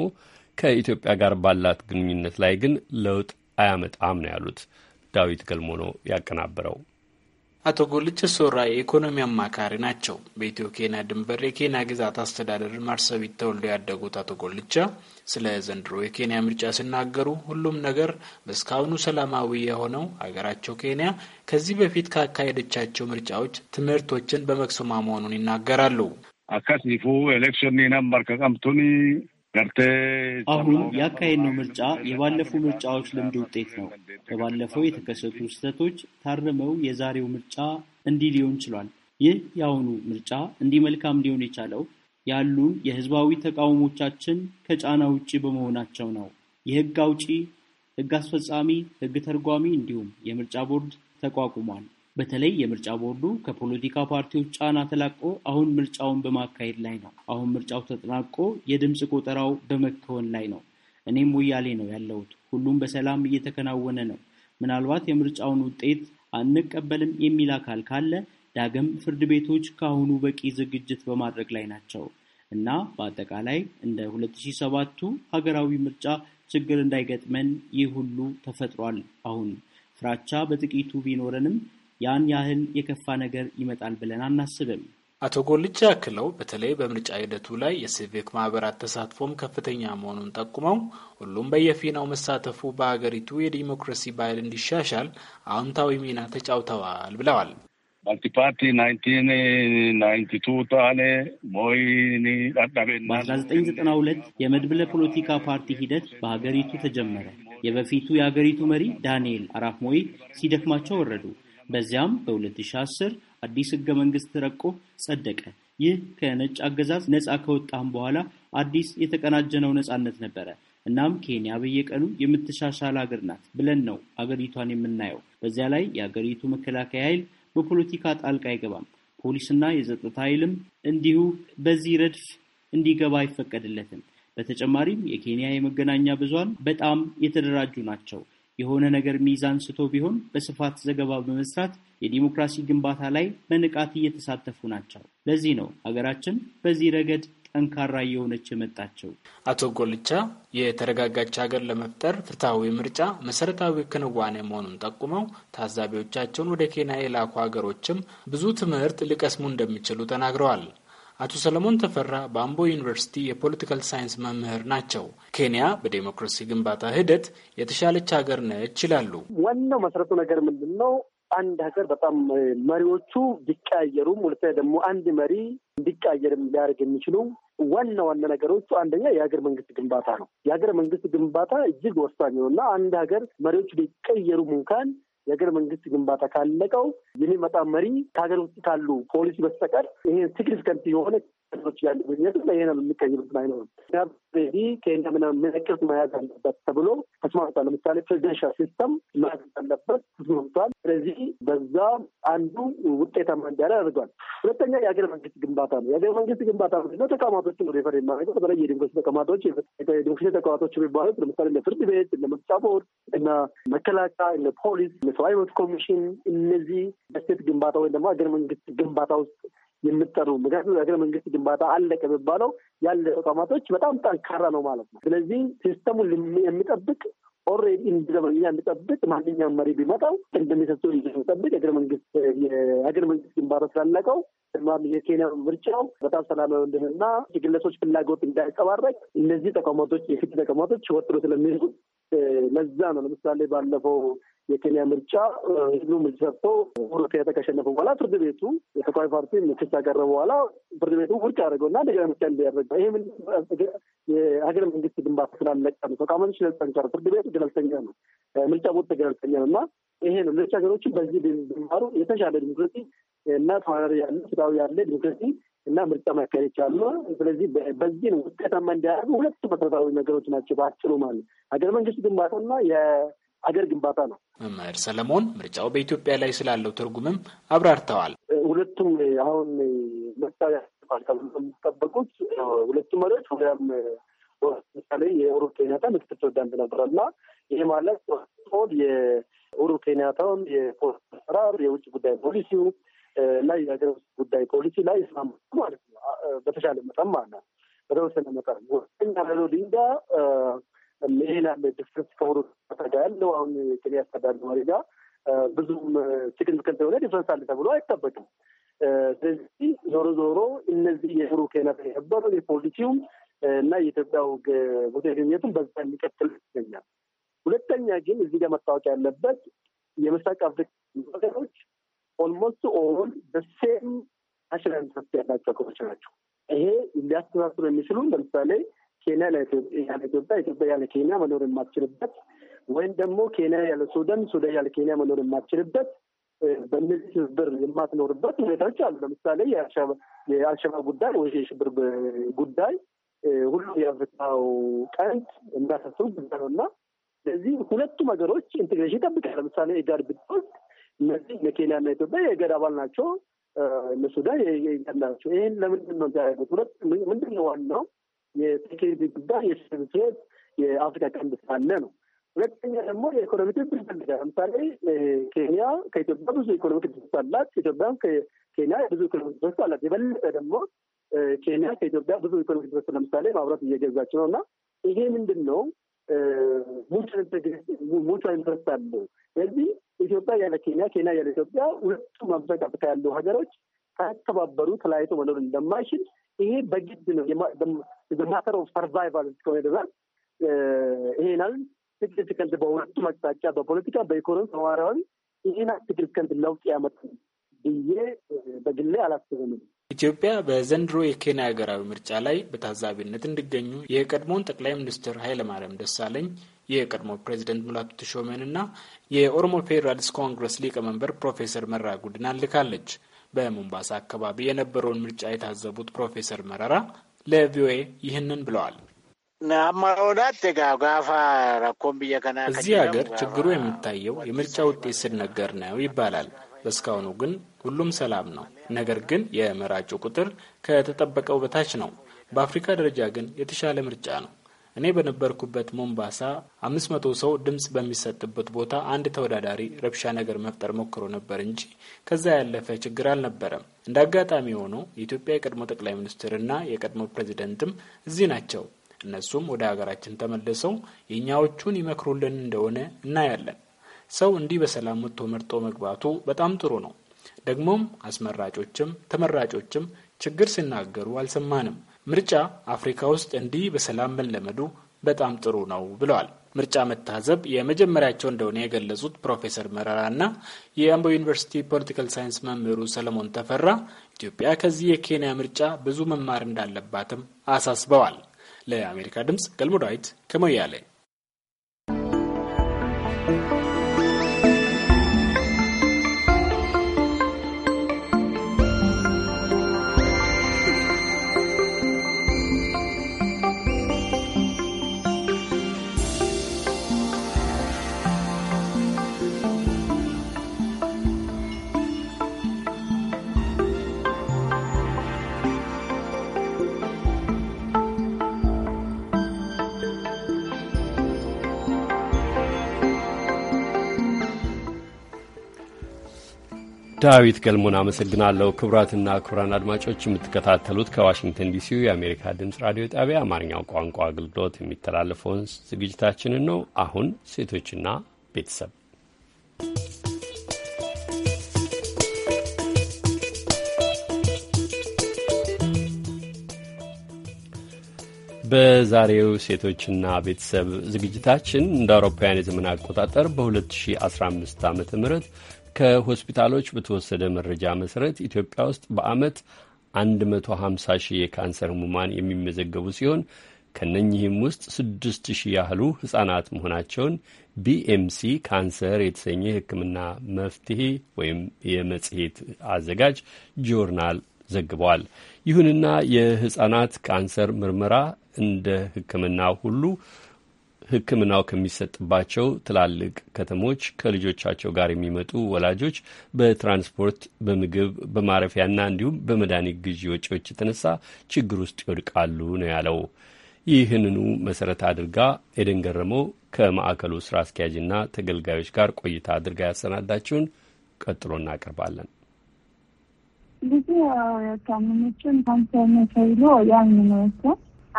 ከኢትዮጵያ ጋር ባላት ግንኙነት ላይ ግን ለውጥ አያመጣም ነው ያሉት። ዳዊት ገልሞ ነው ያቀናበረው። አቶ ጎልጭ ሶራ የኢኮኖሚ አማካሪ ናቸው። በኢትዮ ኬንያ ድንበር የኬንያ ግዛት አስተዳደር ማርሰቢት ተወልደው ያደጉት አቶ ጎልቻ ስለ ዘንድሮ የኬንያ ምርጫ ሲናገሩ ሁሉም ነገር በእስካሁኑ ሰላማዊ የሆነው ሀገራቸው ኬንያ ከዚህ በፊት ካካሄደቻቸው ምርጫዎች ትምህርቶችን በመክሰማ መሆኑን ይናገራሉ። አካስኒፉ ኤሌክሽን ነማር ከቀምቱኒ አሁን ያካሄድነው ምርጫ የባለፉ ምርጫዎች ልምድ ውጤት ነው። ከባለፈው የተከሰቱ ስህተቶች ታርመው የዛሬው ምርጫ እንዲህ ሊሆን ችሏል። ይህ የአሁኑ ምርጫ እንዲህ መልካም ሊሆን የቻለው ያሉ የህዝባዊ ተቃውሞቻችን ከጫና ውጪ በመሆናቸው ነው። የህግ አውጪ፣ ህግ አስፈጻሚ፣ ህግ ተርጓሚ እንዲሁም የምርጫ ቦርድ ተቋቁሟል። በተለይ የምርጫ ቦርዱ ከፖለቲካ ፓርቲዎች ጫና ተላቆ አሁን ምርጫውን በማካሄድ ላይ ነው። አሁን ምርጫው ተጠናቆ የድምፅ ቆጠራው በመከወን ላይ ነው። እኔም ሞያሌ ነው ያለሁት። ሁሉም በሰላም እየተከናወነ ነው። ምናልባት የምርጫውን ውጤት አንቀበልም የሚል አካል ካለ ዳግም ፍርድ ቤቶች ከአሁኑ በቂ ዝግጅት በማድረግ ላይ ናቸው እና በአጠቃላይ እንደ 2007ቱ ሀገራዊ ምርጫ ችግር እንዳይገጥመን ይህ ሁሉ ተፈጥሯል። አሁን ፍራቻ በጥቂቱ ቢኖረንም ያን ያህል የከፋ ነገር ይመጣል ብለን አናስብም። አቶ ጎልቻ አክለው በተለይ በምርጫ ሂደቱ ላይ የሲቪክ ማህበራት ተሳትፎም ከፍተኛ መሆኑን ጠቁመው ሁሉም በየፊናው መሳተፉ በሀገሪቱ የዲሞክራሲ ባህል እንዲሻሻል አዎንታዊ ሚና ተጫውተዋል ብለዋል። ማልቲፓርቲ ናይንቲን ናይንቲ ቱ ጣኔ ሞይ ዳዳቤና በአስራ ዘጠና ሁለት የመድብለ ፖለቲካ ፓርቲ ሂደት በሀገሪቱ ተጀመረ። የበፊቱ የሀገሪቱ መሪ ዳንኤል አራፍ ሞይ ሲደክማቸው ወረዱ። በዚያም በ2010 አዲስ ህገ መንግስት ረቆ ጸደቀ። ይህ ከነጭ አገዛዝ ነፃ ከወጣም በኋላ አዲስ የተቀናጀነው ነፃነት ነበረ። እናም ኬንያ በየቀኑ የምትሻሻል ሀገር ናት ብለን ነው አገሪቷን የምናየው። በዚያ ላይ የአገሪቱ መከላከያ ኃይል በፖለቲካ ጣልቃ አይገባም። ፖሊስና የጸጥታ ኃይልም እንዲሁ በዚህ ረድፍ እንዲገባ አይፈቀድለትም። በተጨማሪም የኬንያ የመገናኛ ብዙሃን በጣም የተደራጁ ናቸው። የሆነ ነገር ሚዛን ስቶ ቢሆን በስፋት ዘገባ በመስራት የዲሞክራሲ ግንባታ ላይ በንቃት እየተሳተፉ ናቸው። ለዚህ ነው ሀገራችን በዚህ ረገድ ጠንካራ እየሆነች የመጣቸው። አቶ ጎልቻ የተረጋጋች ሀገር ለመፍጠር ፍትሐዊ ምርጫ መሰረታዊ ክንዋኔ መሆኑን ጠቁመው ታዛቢዎቻቸውን ወደ ኬንያ የላኩ ሀገሮችም ብዙ ትምህርት ሊቀስሙ እንደሚችሉ ተናግረዋል። አቶ ሰለሞን ተፈራ በአምቦ ዩኒቨርሲቲ የፖለቲካል ሳይንስ መምህር ናቸው። ኬንያ በዴሞክራሲ ግንባታ ሂደት የተሻለች ሀገር ነች ይላሉ። ዋናው መሰረቱ ነገር ምንድን ነው? አንድ ሀገር በጣም መሪዎቹ ቢቀያየሩም፣ ሁለተኛ ደግሞ አንድ መሪ እንዲቃየርም ሊያደርግ የሚችሉ ዋና ዋና ነገሮቹ አንደኛ የሀገር መንግስት ግንባታ ነው። የሀገር መንግስት ግንባታ እጅግ ወሳኝ ነው እና አንድ ሀገር መሪዎች ሊቀየሩም እንኳን የሀገር መንግስት ግንባታ ካለቀው የሚመጣ መሪ ከሀገር ውስጥ ካሉ ፖሊሲ በስተቀር ይሄ ሲግኒፊካንት የሆነ ህዝቦች ያሉ ግንኙነት ይህ ነው የሚቀይሩት አይኖርም። ዚ ከኛ ምና ምልክት መያዝ አለበት ተብሎ ተስማምቷል። ለምሳሌ ፕሬዚደንሻል ሲስተም መያዝ አለበት ተስማምቷል። ስለዚህ በዛ አንዱ ውጤታማ እንዲያለ አድርጓል። ሁለተኛ የሀገር መንግስት ግንባታ ነው። የሀገር መንግስት ግንባታ ነው? ተቋማቶች ነው ሪፈር የማደርገው በተለይ የዲሞክራሲ ተቋማቶች የዲሞክራሲ ተቋማቶች የሚባሉት ለምሳሌ እንደ ፍርድ ቤት፣ እንደ ምርጫ ቦርድ፣ እነ መከላከያ፣ እነ ፖሊስ፣ እነ ሰብአዊ መብት ኮሚሽን እነዚህ በስቴት ግንባታ ወይም ደግሞ ሀገር መንግስት ግንባታ ውስጥ የምጠሩ። ምክንያቱም ሀገረ መንግስት ግንባታ አለቀ የሚባለው ያለ ተቋማቶች በጣም ጠንካራ ነው ማለት ነው። ስለዚህ ሲስተሙን የሚጠብቅ ኦልሬዲ እንደዘመኛ የሚጠብቅ ማንኛውም መሪ ቢመጣው እንደሚሰጡ የሚጠብቅ የሀገረ መንግስት የሀገረ መንግስት ግንባታ ስላለቀው የኬንያ ምርጫው በጣም ሰላማዊ እንድንና የግለሰቦች ፍላጎት እንዳይጸባረቅ እነዚህ ተቋማቶች የፊት ተቋማቶች ወጥሮ ስለሚሄዱ ለዛ ነው። ለምሳሌ ባለፈው የኬንያ ምርጫ ህዝቡ ምርጭ ሰጥቶ ሩኬያታ ከሸነፈ በኋላ ፍርድ ቤቱ የተቃዋሚ ፓርቲ ምክስ ካቀረበ በኋላ ፍርድ ቤቱ ውድቅ አድርገው እና እንደገና ምርጫ እንዲያደረግ ይህ ምን የሀገር መንግስት ግንባታ ስላለቀ ነው። ተቋማቶች ገለልተኛ ፍርድ ቤቱ ገለልተኛ ነው። ምርጫ ቦርድ ገለልተኛ ነው እና ይሄ ነው ሌሎች ሀገሮችን በዚህ ቢማሩ የተሻለ ዲሞክራሲ እና ተዋራሪ ያለ ስራዊ ያለ ዲሞክራሲ እና ምርጫ ማካሄድ ይቻሉ። ስለዚህ በዚህ ነው ውጤታማ እንዲያደርጉ ሁለቱ መሰረታዊ ነገሮች ናቸው በአጭሩ ማለት ሀገር መንግስት ግንባታና የሀገር ግንባታ ነው። መምህር ሰለሞን ምርጫው በኢትዮጵያ ላይ ስላለው ትርጉምም አብራርተዋል። ሁለቱም አሁን መሳሪያ ተብሎ የሚጠበቁት ሁለቱ መሪዎች ወያም ምሳሌ የኡሁሩ ኬንያታ ምክትል ፕሬዚዳንት ነበረና ይሄ ማለት ኦድ የኡሁሩ ኬንያታውን የፖስት አሰራር የውጭ ጉዳይ ፖሊሲው እና የሀገር ውስጥ ጉዳይ ፖሊሲ ላይ ይስማማ ማለት ነው። በተሻለ መጠን ማለት ነው። በተወሰነ መጠን ወኛ ለሎ ዲንጋ ይሄናል ድፍረት ከሆኑ ያለው አሁን ቅኔ አስተዳደሪ ጋር ብዙም ሲግኒፊካንት የሆነ ዲፍረንስ አለ ተብሎ አይጠበቅም። ስለዚህ ዞሮ ዞሮ እነዚህ የብሩክ አይነት የነበሩ የፖሊሲውም እና የኢትዮጵያው ቦታ ግንኙነቱም በዛ የሚቀጥል ይገኛል። ሁለተኛ ግን እዚህ ጋር መታወቂያ ያለበት የምስራቅ አፍሪካ ሀገሮች ኦልሞስት ኦል በሴም ናሽናል ኢንትረስት ያላቸው ሀገሮች ናቸው። ይሄ ሊያስተሳስሩ የሚችሉ ለምሳሌ ኬንያ ያለ ኢትዮጵያ፣ ኢትዮጵያ ያለ ኬንያ መኖር የማትችልበት ወይም ደግሞ ኬንያ ያለ ሱዳን፣ ሱዳን ያለ ኬንያ መኖር የማትችልበት በእነዚህ ትብብር የማትኖርበት ሁኔታዎች አሉ። ለምሳሌ የአልሸባብ ጉዳይ ወይ የሽብር ጉዳይ ሁሉም የአፍሪካው ቀንድ የሚያሳስብ ጉዳይ ነው እና ስለዚህ ሁለቱም ሀገሮች ኢንቴግሬሽን ይጠብቃል። ለምሳሌ ኢጋድ ብትወስድ እነዚህ ለኬንያ እና ኢትዮጵያ የኢጋድ አባል ናቸው፣ ለሱዳን ሱዳን የኢጋድ ናቸው። ይህን ለምንድን ነው ያደረጉት? ሁለት ምንድን ነው ዋናው የሴኪሪቲ ጉዳይ የሰብት ህይወት የአፍሪካ ቀንድ ሳለ ነው። ሁለተኛ ደግሞ የኢኮኖሚ ትብብር ይፈልጋል። ለምሳሌ ኬንያ ከኢትዮጵያ ብዙ ኢኮኖሚ ትብብር አላት። ኢትዮጵያ ከኬንያ ብዙ ኢኮኖሚ ትብብር አላት። የበለጠ ደግሞ ኬንያ ከኢትዮጵያ ብዙ ኢኮኖሚ ትብብር ለምሳሌ ማብራት እየገዛች ነው እና ይሄ ምንድን ነው ሙቹ ኢንትረስት አለ። ስለዚህ ኢትዮጵያ ያለ ኬንያ፣ ኬንያ ያለ ኢትዮጵያ ሁለቱም አብዛቅ አፍሪካ ያሉ ሀገሮች ሳይተባበሩ ተለያይቶ መኖር እንደማይችል ይሄ በግድ ነው ማተር ኦፍ ሰርቫይቫል እስከሆነ ድረስ ይሄናል ሲግኒፊከንት በሁለቱ አቅጣጫ በፖለቲካ በኢኮኖሚ ተዋራዊ ይህን ሲግኒፊከንት ለውጥ ያመጣል ብዬ በግሌ አላስብም። ኢትዮጵያ በዘንድሮ የኬንያ ሀገራዊ ምርጫ ላይ በታዛቢነት እንዲገኙ የቀድሞውን ጠቅላይ ሚኒስትር ኃይለማርያም ደሳለኝ የቀድሞ ፕሬዚደንት ሙላቱ ተሾመንና የኦሮሞ ፌዴራልስ ኮንግረስ ሊቀመንበር ፕሮፌሰር መረራ ጉዲናን ልካለች። በሞምባሳ አካባቢ የነበረውን ምርጫ የታዘቡት ፕሮፌሰር መረራ ለቪኦኤ ይህንን ብለዋል። እዚህ ሀገር ችግሩ የሚታየው የምርጫ ውጤት ሲነገር ነው ይባላል። እስካሁኑ ግን ሁሉም ሰላም ነው። ነገር ግን የመራጩ ቁጥር ከተጠበቀው በታች ነው። በአፍሪካ ደረጃ ግን የተሻለ ምርጫ ነው። እኔ በነበርኩበት ሞምባሳ አምስት መቶ ሰው ድምፅ በሚሰጥበት ቦታ አንድ ተወዳዳሪ ረብሻ ነገር መፍጠር ሞክሮ ነበር እንጂ ከዛ ያለፈ ችግር አልነበረም። እንደ አጋጣሚ ሆኖ የኢትዮጵያ የቀድሞ ጠቅላይ ሚኒስትርና የቀድሞ ፕሬዚደንትም እዚህ ናቸው። እነሱም ወደ ሀገራችን ተመልሰው የእኛዎቹን ይመክሩልን እንደሆነ እናያለን። ሰው እንዲህ በሰላም ወጥቶ መርጦ መግባቱ በጣም ጥሩ ነው። ደግሞም አስመራጮችም ተመራጮችም ችግር ሲናገሩ አልሰማንም። ምርጫ አፍሪካ ውስጥ እንዲህ በሰላም መለመዱ በጣም ጥሩ ነው ብለዋል። ምርጫ መታዘብ የመጀመሪያቸው እንደሆነ የገለጹት ፕሮፌሰር መረራ እና የአምቦ ዩኒቨርሲቲ ፖለቲካል ሳይንስ መምህሩ ሰለሞን ተፈራ ኢትዮጵያ ከዚህ የኬንያ ምርጫ ብዙ መማር እንዳለባትም አሳስበዋል። ለአሜሪካ ድምፅ ገልሞ ዳዊት ከሞያሌ ዳዊት ገልሞን አመሰግናለሁ። ክቡራትና ክቡራን አድማጮች የምትከታተሉት ከዋሽንግተን ዲሲው የአሜሪካ ድምፅ ራዲዮ ጣቢያ አማርኛው ቋንቋ አገልግሎት የሚተላለፈውን ዝግጅታችንን ነው። አሁን ሴቶችና ቤተሰብ በዛሬው ሴቶችና ቤተሰብ ዝግጅታችን እንደ አውሮፓውያን የዘመን አቆጣጠር በ2015 ዓ ም ከሆስፒታሎች በተወሰደ መረጃ መሰረት ኢትዮጵያ ውስጥ በአመት 150 ሺህ የካንሰር ህሙማን የሚመዘገቡ ሲሆን ከነኚህም ውስጥ 6 ሺህ ያህሉ ህጻናት መሆናቸውን ቢኤምሲ ካንሰር የተሰኘ ህክምና መፍትሄ ወይም የመጽሔት አዘጋጅ ጆርናል ዘግበዋል። ይሁንና የህጻናት ካንሰር ምርመራ እንደ ህክምና ሁሉ ሕክምናው ከሚሰጥባቸው ትላልቅ ከተሞች ከልጆቻቸው ጋር የሚመጡ ወላጆች በትራንስፖርት፣ በምግብ፣ በማረፊያና እንዲሁም በመድኃኒት ግዢ ወጪዎች የተነሳ ችግር ውስጥ ይወድቃሉ ነው ያለው። ይህንኑ መሰረት አድርጋ ኤደን ገረመው ከማዕከሉ ስራ አስኪያጅና ተገልጋዮች ጋር ቆይታ አድርጋ ያሰናዳችውን ቀጥሎ እናቀርባለን። ብዙ ታመሞችን ፓንሰነ ተብሎ ያን ነው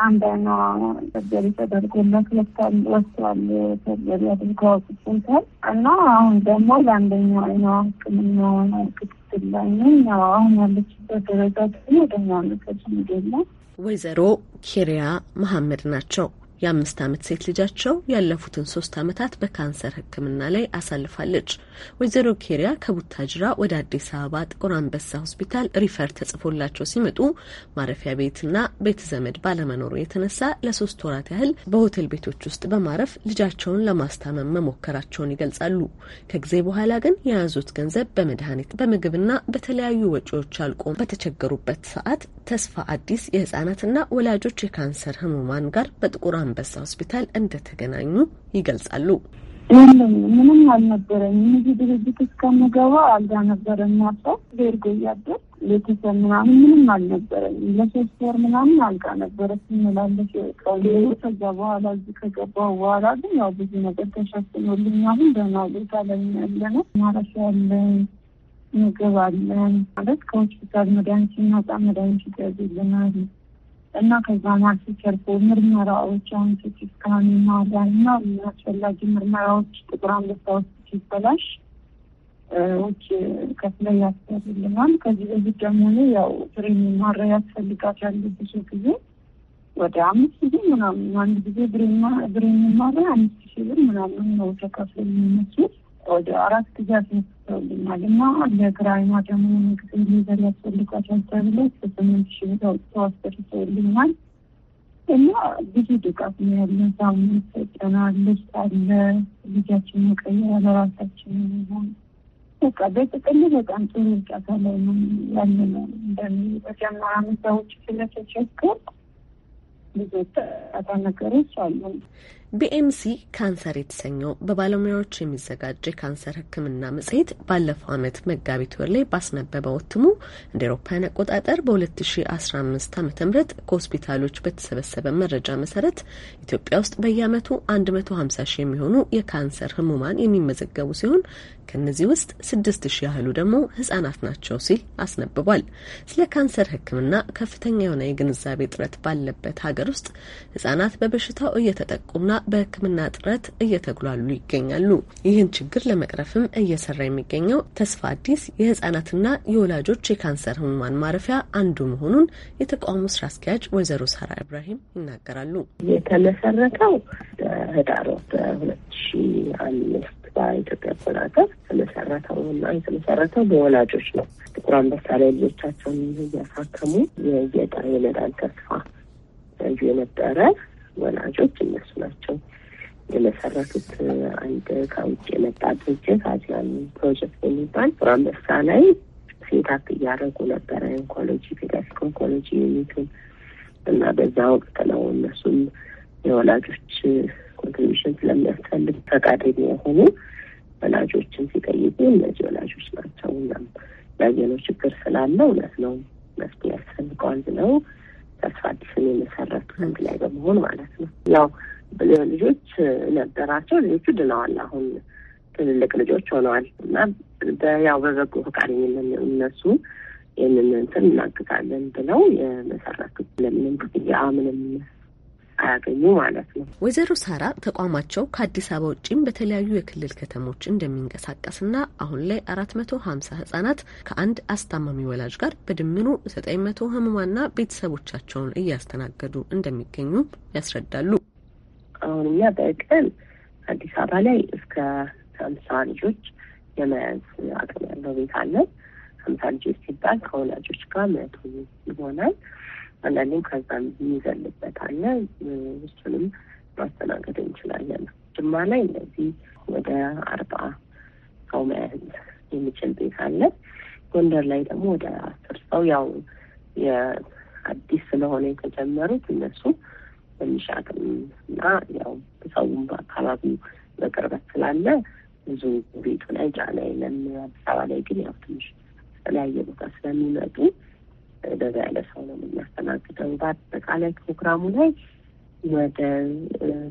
አንደኛ ሰርጀሪ ተደርጎለት ወስቷል ወስቷል ሰርጀሪ አድርጎ ስንተል እና አሁን ደግሞ ለአንደኛ አይኗ ሕክምና ክትትል ላይ ነኝ። አሁን ያለችበት ደረጃ ደግሞ ወደኛ መሰች ሚደላ ወይዘሮ ኬሪያ መሐመድ ናቸው። የአምስት ዓመት ሴት ልጃቸው ያለፉትን ሶስት ዓመታት በካንሰር ሕክምና ላይ አሳልፋለች። ወይዘሮ ኬሪያ ከቡታጅራ ወደ አዲስ አበባ ጥቁር አንበሳ ሆስፒታል ሪፈር ተጽፎላቸው ሲመጡ ማረፊያ ቤትና ቤት ዘመድ ባለመኖሩ የተነሳ ለሶስት ወራት ያህል በሆቴል ቤቶች ውስጥ በማረፍ ልጃቸውን ለማስታመም መሞከራቸውን ይገልጻሉ። ከጊዜ በኋላ ግን የያዙት ገንዘብ በመድኃኒት በምግብና በተለያዩ ወጪዎች አልቆ በተቸገሩበት ሰዓት ተስፋ አዲስ የህጻናትና ወላጆች የካንሰር ህሙማን ጋር በጥቁር አንበሳ ሆስፒታል እንደተገናኙ ይገልጻሉ። የለም ምንም አልነበረኝ። እዚህ ድርጅት እስከምገባ አልጋ ነበረ የሚያፈው ቤርጎ እያደር ቤተሰብ ምናምን ምንም አልነበረኝ። ለሶስት ወር ምናምን አልጋ ነበረ ስንላለች ቀሌ። ከዛ በኋላ እዚህ ከገባሁ በኋላ ግን ያው ብዙ ነገር ተሸፍኖልኝ አሁን ደህና ቦታ ላይ ያለ ነው። ማረፊያ አለን፣ ምግብ አለን። ማለት ከሆስፒታል መድኃኒት ሲናጣ መድኃኒት ያዝልናል እና ከዛ አልፎ ተርፎ ምርመራዎች አሁን ሲቲ ስካን ማዳን እና አስፈላጊ ምርመራዎች ጥቁር አንበሳ ውስጥ ሲበላሽ ውጭ ከፍለ ያስፈልልናል። ከዚህ በፊት ደግሞ ያው ብሬን ማድረግ ያሉ ብዙ ጊዜ ወደ አምስት ጊዜ ምናምን አንድ ጊዜ ብሬን ማድረግ አምስት ሺ ብር ምናምን ነው ተከፍሎ የሚመስሉት ወደ አራት ጊዜ አስነስተውልናል እና ለግራይማ ደግሞ ምግብ ሊዘር ያስፈልጓቸው ተብሎ ስምንት ሺ ብር አውጥተው አስደርሰውልናል እና ብዙ ድጋፍ ነው ያለን። ሳምንት ሰጠናል፣ ልብስ አለ፣ ልጃችን መቀየር ለራሳችን ሆን በቃ በጥቅል በጣም ጥሩ እርዳታ ላይ ነው ያለ ነው። በጀመራ ምዛዎች ስለተቸገር ብዙ እርዳታ ነገሮች አሉ። ቢኤምሲ ካንሰር የተሰኘው በባለሙያዎች የሚዘጋጅ የካንሰር ሕክምና መጽሔት ባለፈው ዓመት መጋቢት ወር ላይ ባስነበበው እትሙ እንደ ኤሮፓያን አቆጣጠር በ2015 ዓ ም ከሆስፒታሎች በተሰበሰበ መረጃ መሰረት ኢትዮጵያ ውስጥ በየዓመቱ 150 ሺህ የሚሆኑ የካንሰር ህሙማን የሚመዘገቡ ሲሆን ከእነዚህ ውስጥ 6 ሺህ ያህሉ ደግሞ ህጻናት ናቸው ሲል አስነብቧል። ስለ ካንሰር ሕክምና ከፍተኛ የሆነ የግንዛቤ እጥረት ባለበት ሀገር ውስጥ ህጻናት በበሽታው እየተጠቁና በሕክምና ጥረት እየተጉላሉ ይገኛሉ። ይህን ችግር ለመቅረፍም እየሰራ የሚገኘው ተስፋ አዲስ የህጻናትና የወላጆች የካንሰር ህሙማን ማረፊያ አንዱ መሆኑን የተቋሙ ስራ አስኪያጅ ወይዘሮ ሳራ ኢብራሂም ይናገራሉ። የተመሰረተው ህዳር ሁለት ሺ አምስት በኢትዮጵያ አቆጣጠር የተመሰረተው እና የተመሰረተው በወላጆች ነው። ጥቁር አንበሳ ላይ ልጆቻቸውን እያሳከሙ የጌጣ የመዳን ተስፋ ዩ የነበረ ወላጆች እነሱ ናቸው የመሰረቱት። አንድ ከውጭ የመጣ ድርጅት አዚያን ፕሮጀክት የሚባል አንበሳ ላይ ሴታፕ እያደረጉ ነበረ ኦንኮሎጂ ፔዲያትሪክ ኦንኮሎጂ ዩኒቱን እና በዛ ወቅት ነው እነሱም የወላጆች ኮንትሪቢሽን ስለሚያስፈልግ ፈቃደኛ የሆኑ ወላጆችን ሲጠይቁ እነዚህ ወላጆች ናቸው እናም ያየነው ችግር ስላለ እውነት ነው መፍትሄ ያስፈልገዋል ብለው ተስፋ አዲስን የመሰረቱት አንድ ላይ በመሆን ማለት ነው። ያው ልጆች ነበራቸው። ልጆቹ ድነዋል። አሁን ትልልቅ ልጆች ሆነዋል እና ያው በበጎ ፈቃደኝነት እነሱ ይህንን እንትን እናግዛለን ብለው የመሰረቱ ለምንም ክፍያ ምንም አያገኙ ማለት ነው። ወይዘሮ ሳራ ተቋማቸው ከአዲስ አበባ ውጭም በተለያዩ የክልል ከተሞች እንደሚንቀሳቀስና አሁን ላይ አራት መቶ ሀምሳ ህጻናት ከአንድ አስታማሚ ወላጅ ጋር በድምሩ ዘጠኝ መቶ ህሙማና ቤተሰቦቻቸውን እያስተናገዱ እንደሚገኙ ያስረዳሉ። አሁን እኛ በቀን አዲስ አበባ ላይ እስከ ሀምሳ ልጆች የመያዝ አቅም ያለው ቤት አለን። ሀምሳ ልጆች ሲባል ከወላጆች ጋር መቶ ይሆናል። አንዳንዴም ከዛም የሚዘልበት አለ። እሱንም ማስተናገድ እንችላለን። ጅማ ላይ እነዚህ ወደ አርባ ሰው መያዝ የሚችል ቤት አለ። ጎንደር ላይ ደግሞ ወደ አስር ሰው ያው የአዲስ ስለሆነ የተጀመሩት እነሱ በሚሻቅም እና ያው ሰውም በአካባቢው በቅርበት ስላለ ብዙ ቤቱ ላይ ጫና የለም። አዲስ አበባ ላይ ግን ያው ትንሽ የተለያየ ቦታ ስለሚመጡ በዛ ያለ ሰው ነው የምናስተናግደው። በአጠቃላይ ፕሮግራሙ ላይ ወደ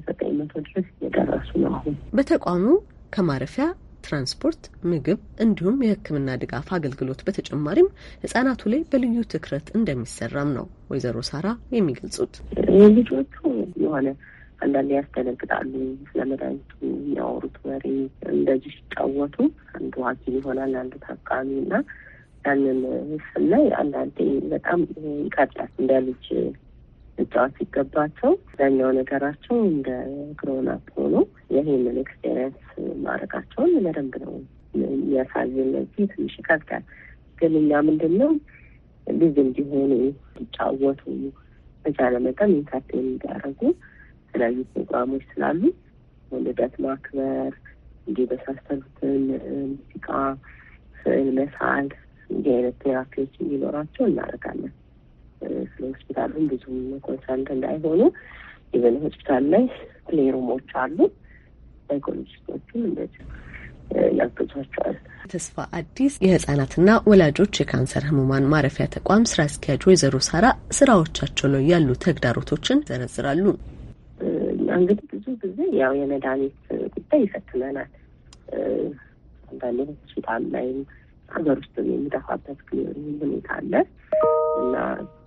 ዘጠኝ መቶ ድረስ እየደረሱ ነው። አሁን በተቋሙ ከማረፊያ ትራንስፖርት፣ ምግብ እንዲሁም የሕክምና ድጋፍ አገልግሎት በተጨማሪም ህጻናቱ ላይ በልዩ ትኩረት እንደሚሰራም ነው ወይዘሮ ሳራ የሚገልጹት። ልጆቹ የሆነ አንዳንድ ያስደነግጣሉ። ስለ መድኃኒቱ የሚያወሩት ወሬ እንደዚህ ሲጫወቱ አንዱ ሐኪም ይሆናል አንዱ ታካሚ እና ያንን ስናይ አንዳንዴ በጣም ይቀጣል። እንደ ልጅ መጫወት ሲገባቸው ዛኛው ነገራቸው እንደ ግሮን አፕ ሆኖ ይህንን ኤክስፔሪንስ ማድረጋቸውን በደንብ ነው የሚያሳዩ። ለዚህ ትንሽ ይከብዳል፣ ግን እኛ ምንድን ነው ልጅ እንዲሆኑ እንዲጫወቱ በቻለ መጠን ኢንተርቴን እንዲያደርጉ የተለያዩ ፕሮግራሞች ስላሉ ልደት ማክበር እንዲህ በሳሰሉትን ሙዚቃ፣ ስዕል መሳል እንዲህ አይነት ቴራፒዎች እንዲኖራቸው እናደርጋለን። ስለ ሆስፒታሉም ብዙ ኮንሰርንት እንዳይሆኑ ኢቨን ሆስፒታል ላይ ፕሌይሩሞች አሉ። ሳይኮሎጂስቶቹም እንደዚህ ያግዟቸዋል። ተስፋ አዲስ የህጻናትና ወላጆች የካንሰር ህሙማን ማረፊያ ተቋም ስራ አስኪያጅ ወይዘሮ ሳራ ስራዎቻቸው ላይ ያሉ ተግዳሮቶችን ዘረዝራሉ። እና እንግዲህ ብዙ ጊዜ ያው የመድኃኒት ጉዳይ ይፈትመናል። አንዳንዴ ሆስፒታል ላይም ሀገር ውስጥ የሚጠፋበት ሁኔታ አለ እና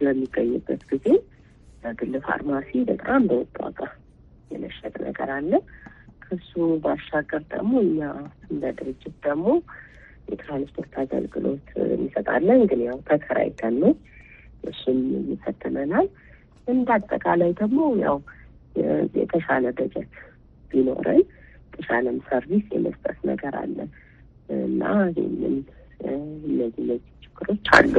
በሚገኝበት ጊዜ በግል ፋርማሲ በጣም በወጡ ዋጋ የመሸጥ ነገር አለ። ከሱ ባሻገር ደግሞ እኛ እንደ ድርጅት ደግሞ የትራንስፖርት አገልግሎት እንሰጣለን። ግን ያው ተከራይተን ነው፣ እሱም ይፈትመናል። እንደ አጠቃላይ ደግሞ ያው የተሻለ በጀት ቢኖረን የተሻለም ሰርቪስ የመስጠት ነገር አለ እና ይህንን እነዚህ እነዚህ ችግሮች አሉ።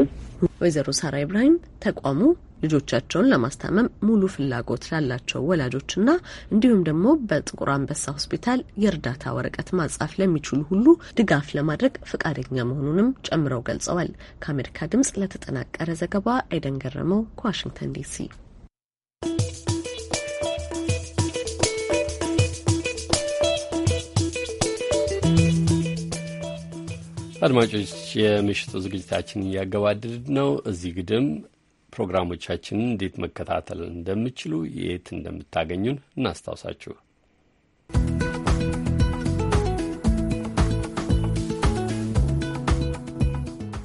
ወይዘሮ ሳራ ኢብራሂም ተቋሙ ልጆቻቸውን ለማስታመም ሙሉ ፍላጎት ላላቸው ወላጆችና እንዲሁም ደግሞ በጥቁር አንበሳ ሆስፒታል የእርዳታ ወረቀት ማጻፍ ለሚችሉ ሁሉ ድጋፍ ለማድረግ ፈቃደኛ መሆኑንም ጨምረው ገልጸዋል። ከአሜሪካ ድምጽ ለተጠናቀረ ዘገባ አይደን ገረመው ከዋሽንግተን ዲሲ አድማጮች የምሽቱ ዝግጅታችን እያገባደድ ነው። እዚህ ግድም ፕሮግራሞቻችንን እንዴት መከታተል እንደምችሉ የት እንደምታገኙን እናስታውሳችሁ።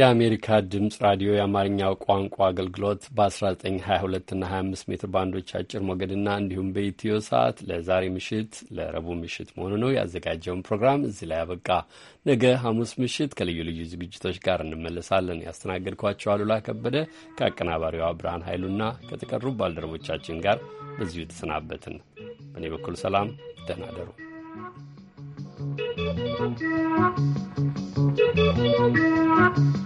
የአሜሪካ ድምፅ ራዲዮ የአማርኛው ቋንቋ አገልግሎት በ1922 እና 25 ሜትር ባንዶች አጭር ሞገድና እንዲሁም በኢትዮ ሰዓት ለዛሬ ምሽት ለረቡዕ ምሽት መሆኑ ነው ያዘጋጀውን ፕሮግራም እዚህ ላይ አበቃ። ነገ ሐሙስ ምሽት ከልዩ ልዩ ዝግጅቶች ጋር እንመለሳለን። ያስተናገድኳቸው አሉላ ከበደ ከአቀናባሪዋ ብርሃን ኃይሉና ከተቀሩ ባልደረቦቻችን ጋር በዚሁ ተሰናበትን። በእኔ በኩል ሰላም፣ ደህና አደሩ። Thank